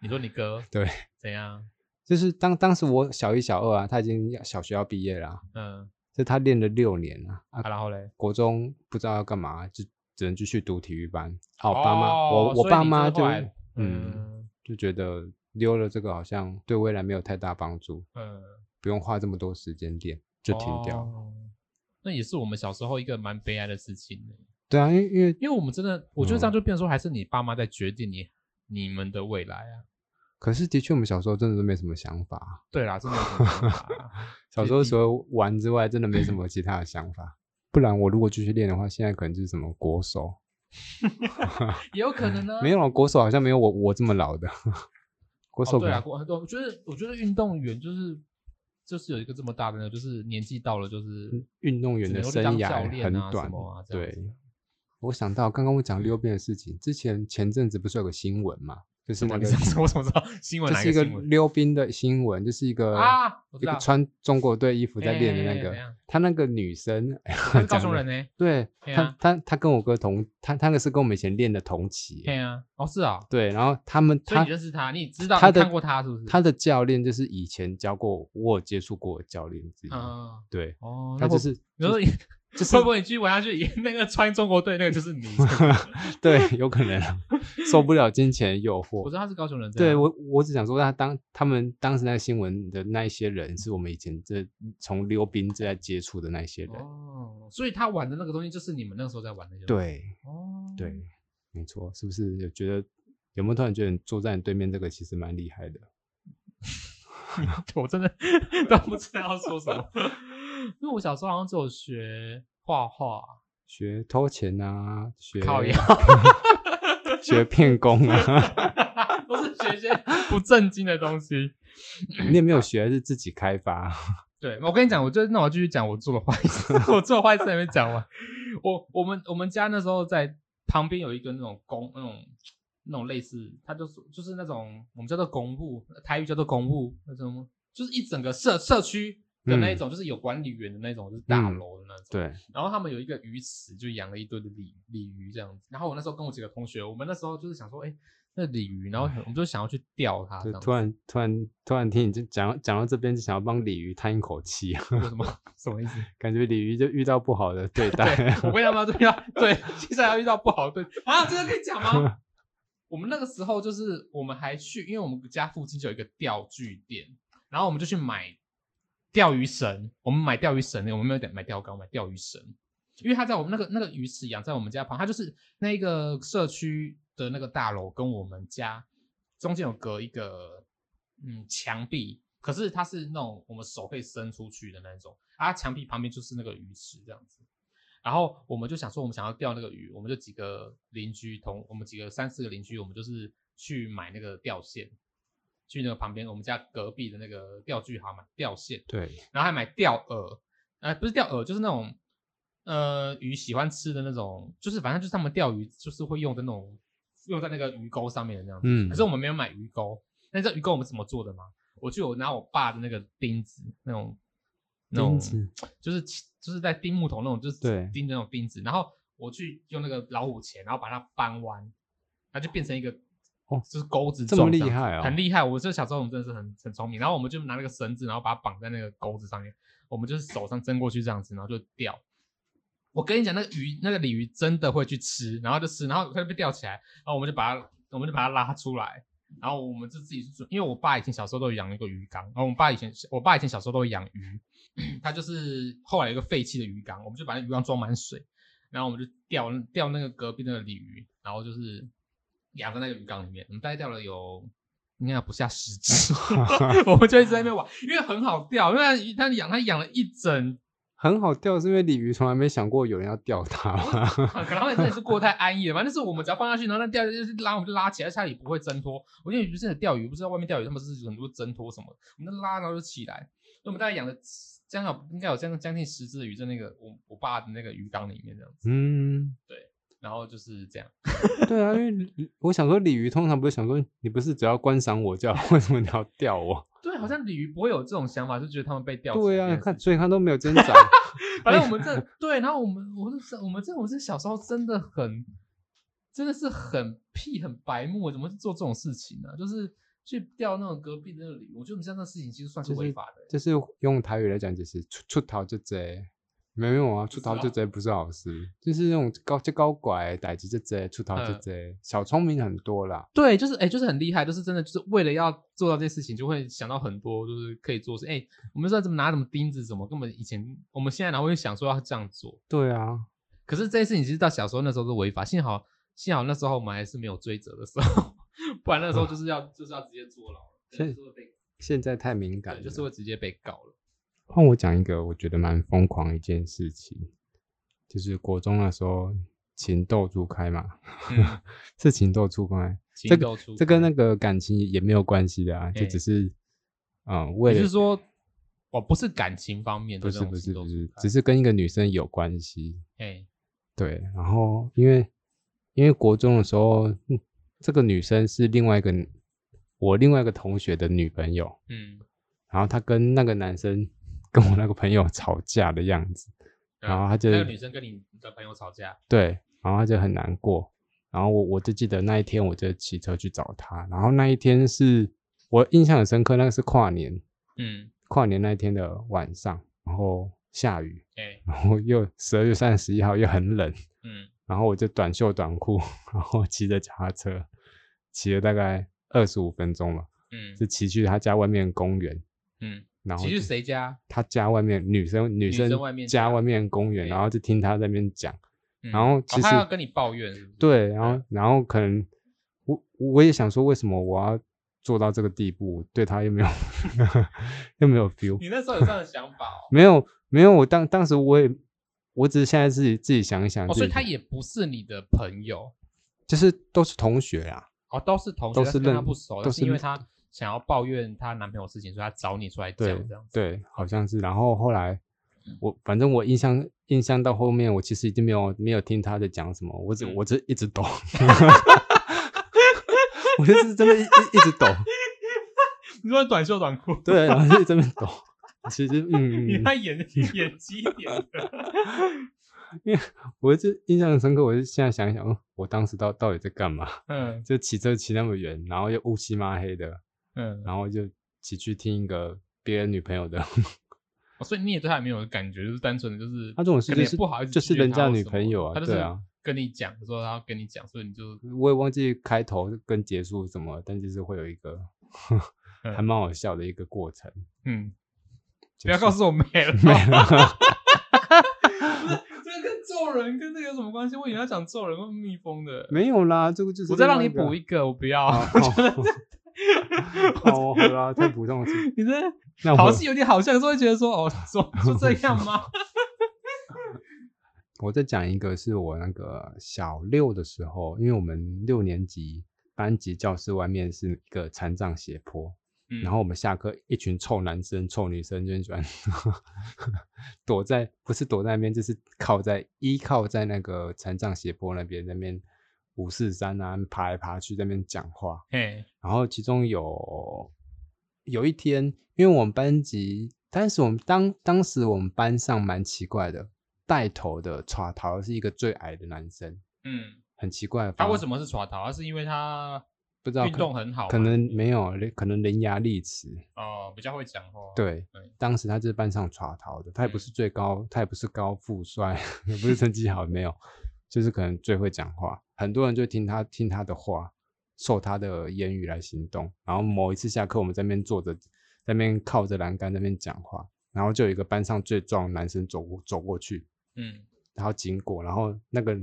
Speaker 2: 你說你哥 對怎
Speaker 1: 樣？就是當當時我小一、小二啊，他已經要小學要畢業了、啊，嗯，就他練了六年了啊，啊，然後嘞，國中不知道要幹嘛，就只能繼續讀體育班。好、哦哦，爸媽，我我爸媽就嗯。嗯就覺得溜了這個好像對未來沒有太大幫助，嗯，不用花這麼多時間練就停掉。
Speaker 2: 哦，那也是我們小時候一個蠻悲哀的事情。
Speaker 1: 對啊，因為因為因為我們真的，嗯，我覺得這樣
Speaker 2: 就變成說，還是你爸媽在決定你你們的
Speaker 1: 未來啊。可是的確，我們小時候真的是沒什麼想法。對啦，真的沒想法， 小時候除了玩之外，真的沒什麼其他的想法。 不然我如果繼續練的話，現在可能就是什麼國手。
Speaker 2: 也有可能呢，沒
Speaker 1: 有國手好像沒有我我這麼老的國手、哦。對啊，
Speaker 2: 我覺得我覺得運動員就是就是有一個這麼大的呢，就是年紀到了就是
Speaker 1: 運動員的生涯、啊、很短、啊。對，我想到剛剛我講溜冰的事情，之前前陣子不是有個新聞嗎？就是那個我怎麼知道新聞？這就是一個溜冰的新聞，就是一個、啊、一個穿中國隊衣服在練的那個、欸欸欸欸。他那個女生，哎、是人呢？ 對，啊、他他他跟我哥同，他他那個是跟我們以前練的同期。
Speaker 2: 對啊，哦是啊、哦，
Speaker 1: 對，然後他們，他，他他，
Speaker 2: 是是他，的他
Speaker 1: 的教練就是以前教過我、我有接觸過教練之一。嗯、對、哦，他就是
Speaker 2: 就是、會不會你繼續玩下去，就是、 那個穿中國隊那個就是你？
Speaker 1: 對，有可能、啊， 受不了金錢誘惑。我知道他
Speaker 2: 是高雄人，對
Speaker 1: 我，我只想說他當他們當時那個新聞的那一些人，是我們以前這從、嗯、溜冰這來接觸的那些人。哦，
Speaker 2: 所以他玩的那個東西就是你們那個時候在玩的。對、哦，對，
Speaker 1: 沒錯，是不是？有覺得有沒有突然覺得坐在你對面這個其實蠻厲害的？
Speaker 2: 我真的 都不知道要說什麼。 因為我小時候好像只有學畫畫，
Speaker 1: 學偷錢啊，學考研， 學騙工啊， 都
Speaker 2: 是學些不正經的東西。你也
Speaker 1: 沒有學，是自己開發。
Speaker 2: 啊、對，我跟你講，我就那我繼續講我做的壞事， 我做的壞事還沒講完。我我們我們家那時候在旁邊有一個那種公那種那種類似，它就是就是那種我們叫做公墓，台語叫做公墓，那種就是一整個社社區。的那一種、嗯、就是有管理員的那種，就是大樓的那種、嗯。對。然後他們有一個魚池，就養了一堆的鯉鯉魚這樣子。然後我那時候跟我幾個同學，我們那時候就是想說，哎，那鯉魚，然後我們就想要去釣它。對。突
Speaker 1: 然，突然，突然聽你就講講到這邊，就想要幫鯉魚嘆一口氣。 什麼？什麼意思？感覺鯉魚就遇到不好的對待。 對，我
Speaker 2: 為什麼要這樣對，接下 來要遇到不好的對。啊，這個可以講嗎？ 我們那個時候就是我們還去，因為我們家附近就有一個釣具店，然後我們就去買釣魚繩，我們買釣魚繩呢、那個，我們沒有點買釣竿，買釣魚繩，因為他在我們那個那個魚池養，在我們家旁，它就是那一個社區的那個大樓跟我們家中間有隔一個嗯牆壁，可是它是那種我們手可以伸出去的那種啊，牆壁旁邊就是那個魚池這樣子，然後我們就想說，我們想要釣那個魚，我們就幾個鄰居同我們幾個三四個鄰居，我們就是去買那個釣線。去那個旁邊，我們家隔壁的那個釣具行買釣線，對，然後還買釣餌，呃，不是釣餌，就是那種呃魚喜歡吃的那種，就是反正就是他們釣魚就是會用的那種，用在那個魚鈎上面的這樣子。嗯，可是我們沒有買魚鈎，那這魚鈎我們怎麼做的嘛？我就有拿我爸的那個釘子，那種釘
Speaker 1: 子那種，
Speaker 2: 就是就是在釘木頭那種，就是釘那種釘子，然後我去用那個老虎鉗，然後把它扳彎，它就變成一個。哦、就是鈎子，子，這麼厲害啊？哦！很厲害。我這小時候我們真的是很很聰明，然後我們就拿那個繩子，然後把它綁在那個鈎子上面，我們就是手上伸過去這樣子，然後就釣。我跟你講，那個魚，那個鯉魚真的會去吃，然後就吃，然後它就被釣起來，然後我們就把它，我們就把它拉出來，然後我們就自己去做，因為我爸以前小時候都養了一個魚缸，然後我爸以前，我爸以前小時候都會養魚， 他就是後來一個廢棄的魚缸，我們就把那魚缸裝滿水，然後我們就釣釣那個隔壁那個鯉魚，然後就是。養在那個魚缸裡面，我們大概釣了有
Speaker 1: 應該不下十隻，
Speaker 2: 我們就一直在那邊玩，因為很好釣，因為它養它養了一整，
Speaker 1: 很好釣是因為鯉魚從來沒想過有人要釣它，
Speaker 2: 可能真的是過太安逸了，反 正是我們只要放下去，然後那釣就拉我們就拉起來，它也不會掙脫。我覺得魚真的釣魚，不知道外面釣魚，那麼是很多掙脫什麼，我們就拉然後就起來，那我們大概養了將有應該有將近將近十隻魚在那個我我爸的那個魚缸裡面這樣
Speaker 1: 子，嗯，
Speaker 2: 對。然後就是這樣，
Speaker 1: 對啊，因為我想說，鯉魚通常不是想說，你不是只要觀賞我就要為什麼你要釣我？
Speaker 2: 對，好像鯉魚不會有這種想法，就覺得他們被釣。對啊，
Speaker 1: 看，所以他都沒有掙扎。反 正 我們這，
Speaker 2: 對，然後我們，我是我們這種是小時候真的很，真的是很屁很白目，怎麼去做這種事情呢、啊？就是去釣那種隔壁那個鯉魚，我覺得我們像的事情其實算是違法的，
Speaker 1: 就是，就是用台語來講就是出逃就賊。沒有啊，出逃這賊不是好事，就是、啊就是、那種高就高拐逮起這賊，出逃這賊、嗯，小聰明很多啦。對，
Speaker 2: 就是哎、欸，就是很厲害，就是真的就是為了要做到這些事情，就會想到很多，就是可以做事。哎、欸，我們說要怎麼拿什麼釘子，怎麼，什麼根本以前我們現在哪會想說要這樣做。對啊，可是這些事情其實到小時候那時候是違法，幸好幸好那時候我們還是沒有追責的時候， 不然那時候就是要、嗯、就是要直接坐牢了，現在對
Speaker 1: 現在太敏感了，就是會直接被告了。換我講一個，我覺得蠻瘋狂一件事情，就是國中的時候情竇初開嘛，嗯、 是情竇初開，情竇初開，這跟、個這個、那個感情也沒有關係的啊，啊、欸，就只是啊、呃，就是說我不是感
Speaker 2: 情方面，的，不是不是不是，
Speaker 1: 只是跟一個女生有關係，哎、欸，對，然後因為因為國中的時候、嗯，這個女生是另外一個我另外一個同學的女朋友，嗯，然後她跟那個男生。跟我那個朋友吵架的樣子，然後他就那個女生跟
Speaker 2: 你的朋友吵架，對，
Speaker 1: 然後他就很難過，然後我我就記得那一天，我就騎車去找他，然後那一天是我印象很深刻，那個是跨年，嗯，跨年那一天的晚上，然後下雨，對，欸，然後又十二月三十一號又很冷，嗯，然後我就短袖短褲，然後騎着腳踏車騎了大概二十五分鐘吧，嗯，就騎去他家外面公園，嗯。其實誰家？他家外面女生，女生家外面家公園，然後就聽他在那邊講，
Speaker 2: 嗯、然後其實、哦、他要跟你抱怨是
Speaker 1: 不是，對，然後然後可能我我也想說，為什麼我要做到這個地步？對他又沒有 又沒有 feel。你那時候有這樣的想法、哦？ 沒有沒有，我當當時我也我只是現在自己自己想一想、哦，所以他也
Speaker 2: 不是你的朋友，
Speaker 1: 就是都是同學啊，哦，都是同學都是，但是跟他不熟，都是，是因為他。
Speaker 2: 想要抱怨她男朋友事情，所以她找你出來講，對，這樣子。對，
Speaker 1: 好像是。然後後來、嗯、我反正我印象印象到後面，我其實已經沒有沒有聽她在講什麼，我只我只一直抖，我就是真的一直抖。 你
Speaker 2: 說短袖短褲？對，然後就在
Speaker 1: 這邊抖。其實嗯，你太演 演技一點了。 因為我就印象很深刻，我就現在想一想，哦，我當時到到底在幹嘛？嗯，就騎車騎那麼遠，然後又烏漆嘛黑的。嗯，然後就起去聽一個別人女朋友的。
Speaker 2: 哦，所以你也對他還沒有感覺，就是單純的，就是他這種事情是不好意思，就是人家女
Speaker 1: 朋友啊，就對啊，
Speaker 2: 跟你講說，然後跟你講，所以你就，
Speaker 1: 我也忘記開頭跟結束什麼，但就是會有一個、嗯、還蠻好笑的一個過程，嗯，就是、不要告訴我沒了，沒了， 不是就是、跟跟
Speaker 2: 這個做人跟這有什麼關係？我以為要講做人，問蜜蜂的，
Speaker 1: 沒有啦，這個就是個我再讓你補一個，我不要，哦 好，好啦，啊，再補充一下。你這好像是有
Speaker 2: 點好像，所以覺得說，哦，總是這樣嗎？
Speaker 1: 我再講一個是我那個小六的時候，因為我們六年級班級教室外面是一個殘障斜坡，嗯，然後我們下課，一群臭男生、臭女生就喜歡 躲在，不是躲在那邊，就是靠在、依靠在那個殘障斜坡那邊那邊。那邊五四三呢，爬來爬去在那邊講話。Hey. 然後其中有有一天，因為我們班級當時我們當當時我們班上蠻奇怪的，帶頭的耍桃是一個最矮的男生。嗯，很奇怪。他、啊、
Speaker 2: 為什麼是耍桃、啊？是因為他不知道運動很好、啊，可能
Speaker 1: 沒有，嗯、可能伶牙俐齒。哦，比較會講話對。對，當時他就是班上耍桃的，他也不是最高，嗯、他也不是高富帥，嗯、 也不是成績好，沒有。 就是可能最會講話，很多人就聽他聽他的話，受他的言語來行動。然後某一次下課，我們在那邊坐着，在那邊靠着欄杆在那邊講話，然後就有一個班上最壯男生走走過去，嗯，然後經過，然後那個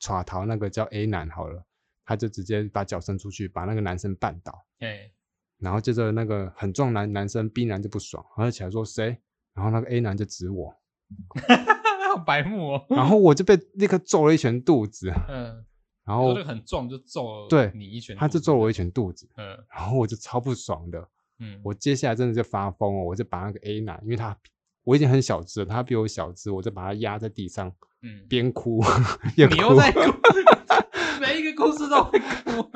Speaker 1: 耍逃那個叫 A 男好了，他就直接把腳伸出去，把那個男生絆倒。
Speaker 2: 對，
Speaker 1: 然後接着那個很壯男男生 B 男就不爽，然後起來說，誰？然後那個 A 男就指我。嗯
Speaker 2: 白目，然後
Speaker 1: 我就被立刻揍了一拳肚子，嗯，然後就很壯就揍了，對，他就揍了我一拳肚子，嗯，然後我就超不爽的，嗯，我接下來真的就發瘋哦，我就把那個 A 男，因為他我已經很小只了，他比我小只，我就把他壓在地上，嗯，邊哭你又在哭，
Speaker 2: 每一個故事都會哭，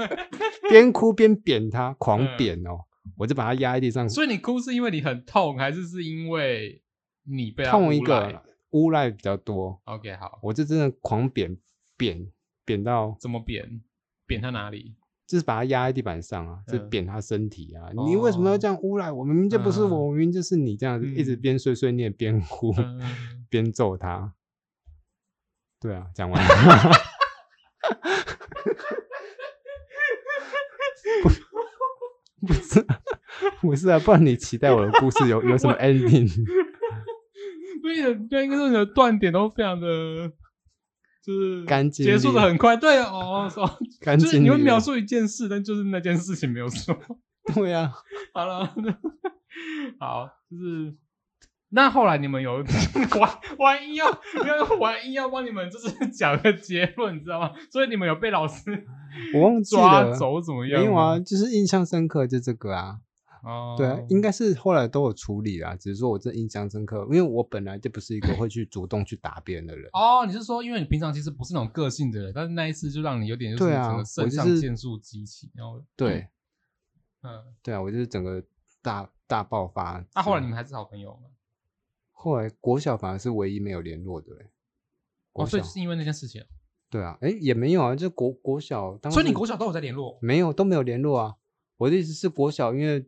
Speaker 1: 邊哭邊扁他，狂扁哦、嗯，我就把他壓在地上，所
Speaker 2: 以你哭是因為你很痛，還是是因為你被他痛一個？
Speaker 1: 誣賴比較多。OK，好，我就真的狂扁扁扁到怎麼扁扁他哪裡？就是把他壓在地板上啊、嗯，就扁他身體啊！哦、你為什麼要這樣誣賴我？明明就不是我，明明就是你這樣子，一直邊碎碎念邊哭邊、嗯、揍他。對啊，講完了 不是、不是啊、不是啊！不然你期待我的故事有有什麼 ending？
Speaker 2: 對，對，應該說你的斷點都非常的，就是，結束得很快。對，哦，就是你會描述一件事，但就是那件事情沒有說。對呀、啊，好了， 好，就是那後來你們有，我我硬要，因為我要硬要幫你們就是講個結論，你知道嗎？所以你們有被老師我忘記了抓走怎麼樣？沒有啊，
Speaker 1: 就是印象深刻就這個啊。哦、oh，對啊，應該是後來都有處理啊，只是說我這印象深刻，因為我本來就不是一個會去主動去打別人的人。
Speaker 2: 哦、oh，你是說因為你平常其實不是那種個性的人，但是那一次就讓你有點你對啊，我就腎上腺素激起，然、哦、
Speaker 1: 後對嗯，嗯，對啊，我就是整個大大爆發。那、
Speaker 2: 啊、後來你們還是好朋友
Speaker 1: 嗎？後來國小反而是唯一沒有聯絡的、欸，嘞。哦、oh，所以是
Speaker 2: 因為那件事情。
Speaker 1: 對啊，哎、欸，也沒有啊，就是國國小當時，所以你國小都有在聯絡？沒有都沒有聯絡啊。我的意思是國小，因為。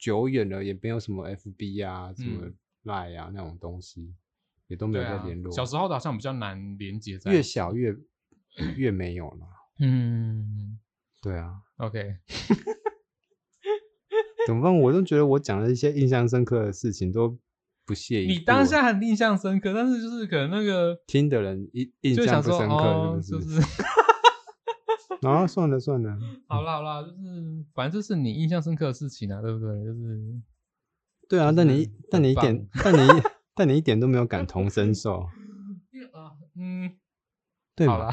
Speaker 1: 久遠了，也沒有什麼 F B 啊，什麼 line 啊、嗯、那種東西，也都沒有再聯絡、啊。小
Speaker 2: 時候的好像比較難連接，在越
Speaker 1: 小越越沒有了。嗯，對啊。OK， 怎麼辦？我都覺得我講的一些印象深刻的事情都不屑於。你當下
Speaker 2: 很印象深刻，但是就是可能那個
Speaker 1: 聽的人印印象不深刻，是不是？ 啊、oh，算了算了，嗯、
Speaker 2: 好了好了，就是反正就是你印象深刻的事情啊，對不對？就是，
Speaker 1: 對啊，就是、但你但你一點 但你但你一點都沒有感同身受， 嗯，對吧？好啦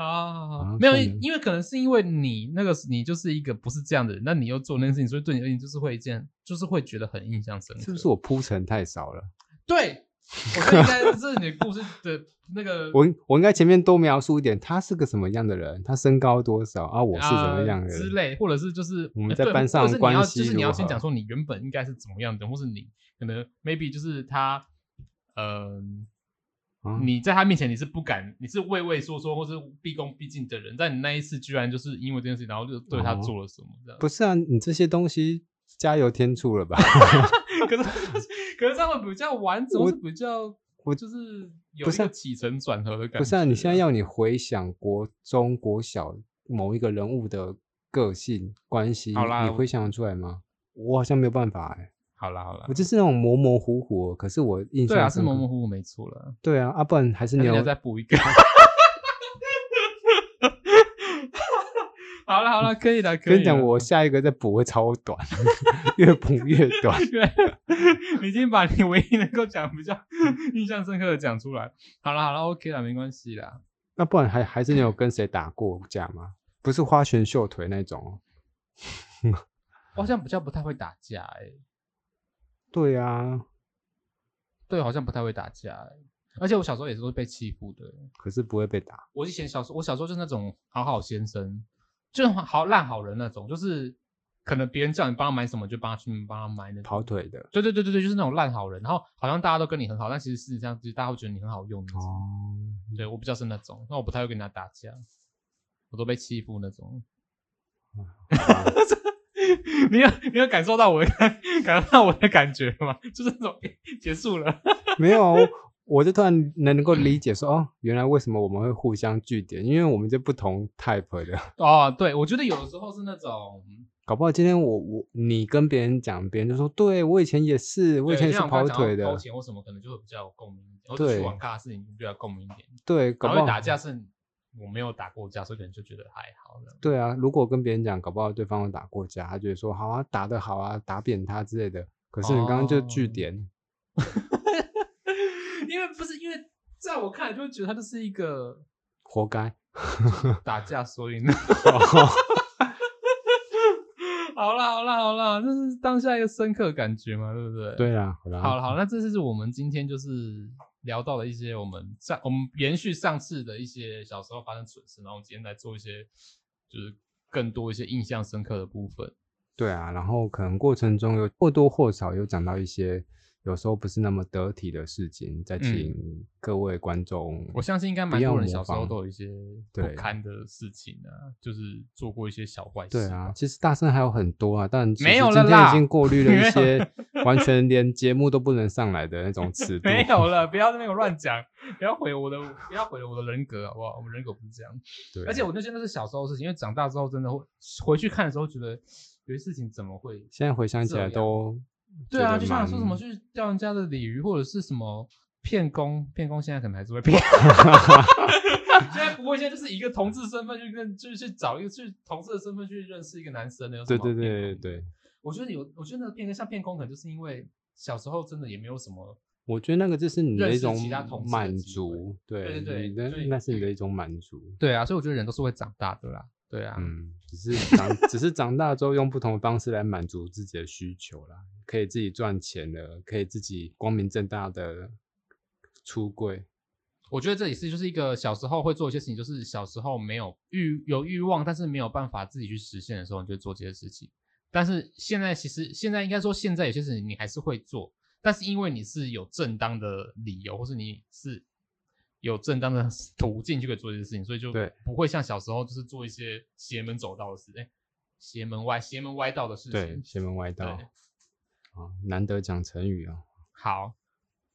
Speaker 1: 好啦
Speaker 2: 好啦、啊、沒有了，因為可能是因為你那個你就是一個不是這樣的人，那你又做那件事情，所以對你而言就是會一件就是會覺得很印象深刻。
Speaker 1: 是不是我鋪陳太少了？
Speaker 2: 對。 我應該這是你的故事的那個
Speaker 1: 我， 我應該前面多描述一點，他是個什麼樣的人，他身高多少啊？我是什麼樣的人，呃，之類，或者是就是我們在班上關係，其，呃、實你、就是，你要先講說
Speaker 2: 你原本應該是怎麼樣的，或是你可能 maybe 就是他，呃，嗯，你在他面前你是不敢，你是畏畏縮縮或是畢恭畢敬的人，在你那一次居然就是因為這件事情，然後就對他做了什麼這樣
Speaker 1: 子。哦，不是啊，你這些東西加油添醋了吧？
Speaker 2: 可是。格上的比較完整，我是比較，我就是有一個起承轉合的感覺不、啊。不是啊，你
Speaker 1: 現在要你回想國中、國小某一個人物的個性、關係，好啦，你回想得出來嗎？我，我好像沒有辦法哎、欸。好啦好啦，我就是那種模模糊糊，可是我印象對啊是模模糊糊，沒錯了。對啊，阿笨，啊啊、不然還是你要，要再補一個。
Speaker 2: 好了好了，可以了。跟你講，我
Speaker 1: 下一個再補會超短， 越補越
Speaker 2: 短。 已經把你唯一能夠講比較印象深刻的講出來。好了好了，OK 了，沒關係啦。
Speaker 1: 那不然還還是你有跟誰打過架嗎？嗯、不是花拳繡腿那種。
Speaker 2: 好像比較不太會打架哎、欸。
Speaker 1: 對啊，
Speaker 2: 對，好像不太會打架，欸。而且我小時候也是會被欺負的，
Speaker 1: 可是不會被打。
Speaker 2: 我以前小時候，我小時候就是那種好好先生。就好爛好人那種，就是可能別人叫你幫他買什麼，就幫他去幫他買那種跑腿的，對對對對就是那種爛好人。然後好像大家都跟你很好，但其實事實上其實大家會覺得你很好用哦，對我比較是那種，那我不太會跟人家打架，我都被欺負那種。嗯、 你有你有感受到我感受到我的感覺嗎？就是那種結束了，
Speaker 1: 沒有。我就突然能能夠理解說，嗯，哦，原來為什麼我們會互相句點？因為我們就不同 type 的。哦，
Speaker 2: 對，我覺得有的時候是那種，
Speaker 1: 搞不好今天我我你跟別人講，別人就說，對我以前也是，我以前也是跑腿的，偷錢或什麼可
Speaker 2: 能就會比較共鳴。對。網咖事情就比較共鳴一
Speaker 1: 點。對，搞不好打架
Speaker 2: 是，我沒有打過架，所以可能就覺
Speaker 1: 得還好。對啊，如果跟別人講，搞不好對方有打過架，他覺得說，好啊，打得好啊，打扁他之類的。可是你剛剛就句點。哦
Speaker 2: 在我看來，就會覺得他就是一個活該打架。所以呢，好啦好啦好啦，這、就是當下一個深刻的感覺嘛，對不對？對啊，好啦好啦，好，那這就是我們今天就是聊到了一些我們在我們延續上次的一些小時候發生的蠢事，然後我們今天來做一些就是更多一些印象深刻的部分。
Speaker 1: 對啊，然後可能過程中有或多或少有講到一些。有時候不是那麼得體的事情，再請各位觀眾，嗯。我相信應該蠻多人小時候都有一
Speaker 2: 些不堪的事情啊，就是做過一些小壞
Speaker 1: 事啊。對啊，其實大森還有很多啊，但沒有了。今天已經過濾了一些完全連節目都不能上來的那種詞 沒
Speaker 2: 有了，不要那邊亂講，不要毀我的，不要毀了我的人格啊好不好！我們人格不是這樣對。而且我那些都是小時候的事情，因為長大之後真的會回去看的時候，覺得有些事情怎麼會？現在回想起來都。
Speaker 1: 對啊，就像說什麼去
Speaker 2: 釣人家的鯉魚，或者是什麼騙公，騙公現在可能還是會騙。 現在不過現在就是一個同志身份去認，去 跟就是去找一個去同志的身份去認識一個男生對對,對對對對對，我覺得有，我覺得那個騙公像騙公，可能就是因為小時候真的也沒有什麼。
Speaker 1: 我覺得那個就是你的一種滿足，對對對對，對那是你的一種滿足。
Speaker 2: 對啊，所以我覺得人都是會長大的啦。
Speaker 1: 對啊，嗯，只是長， 只是長大之後用不同的方式來滿足自己的需求啦。可以自己賺錢的，可以自己光明正大的出櫃。我覺得這也是就是一個
Speaker 2: 小時候會做的一些事情，就是小時候沒有欲，有欲望，但是沒有辦法自己去實現的時候，你就做這些事情。但是現在，其實現在應該說，現在有些事情你還是會做，但是因為你是有正當的理由，或是你是。有正當的途徑就可以做一些事情，所以就不會像小時候就是做一些邪門走道的事情，欸、邪門歪、邪門歪道的事情，對，邪門歪道。啊，難得
Speaker 1: 講成語啊。
Speaker 2: 好，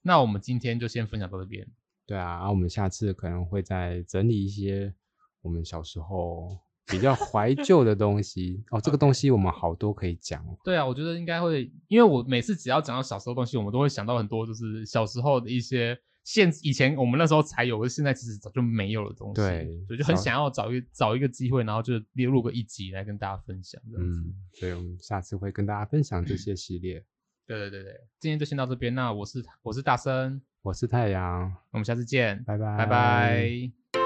Speaker 2: 那我們今天就先分享到這邊。
Speaker 1: 對啊，那、啊、我們下次可能會再整理一些我們小時候比較懷舊的東西 哦。這個東西我們好多可以講。
Speaker 2: 對啊，我覺得應該會，因為我每次只要講到小時候的東西，我們都會想到很多，就是小時候的一些。現以前我們那時候才有，現在其實早就沒有的東西。所以就很想要找一找,找一個機會，然後就列入個一集來跟大家分享這
Speaker 1: 樣子。嗯，所以我們下次會跟大家分享這些系列。
Speaker 2: 嗯、對對對，今天就先到這邊。那我是我是大森，
Speaker 1: 我是太陽，我們下次見，拜拜拜拜。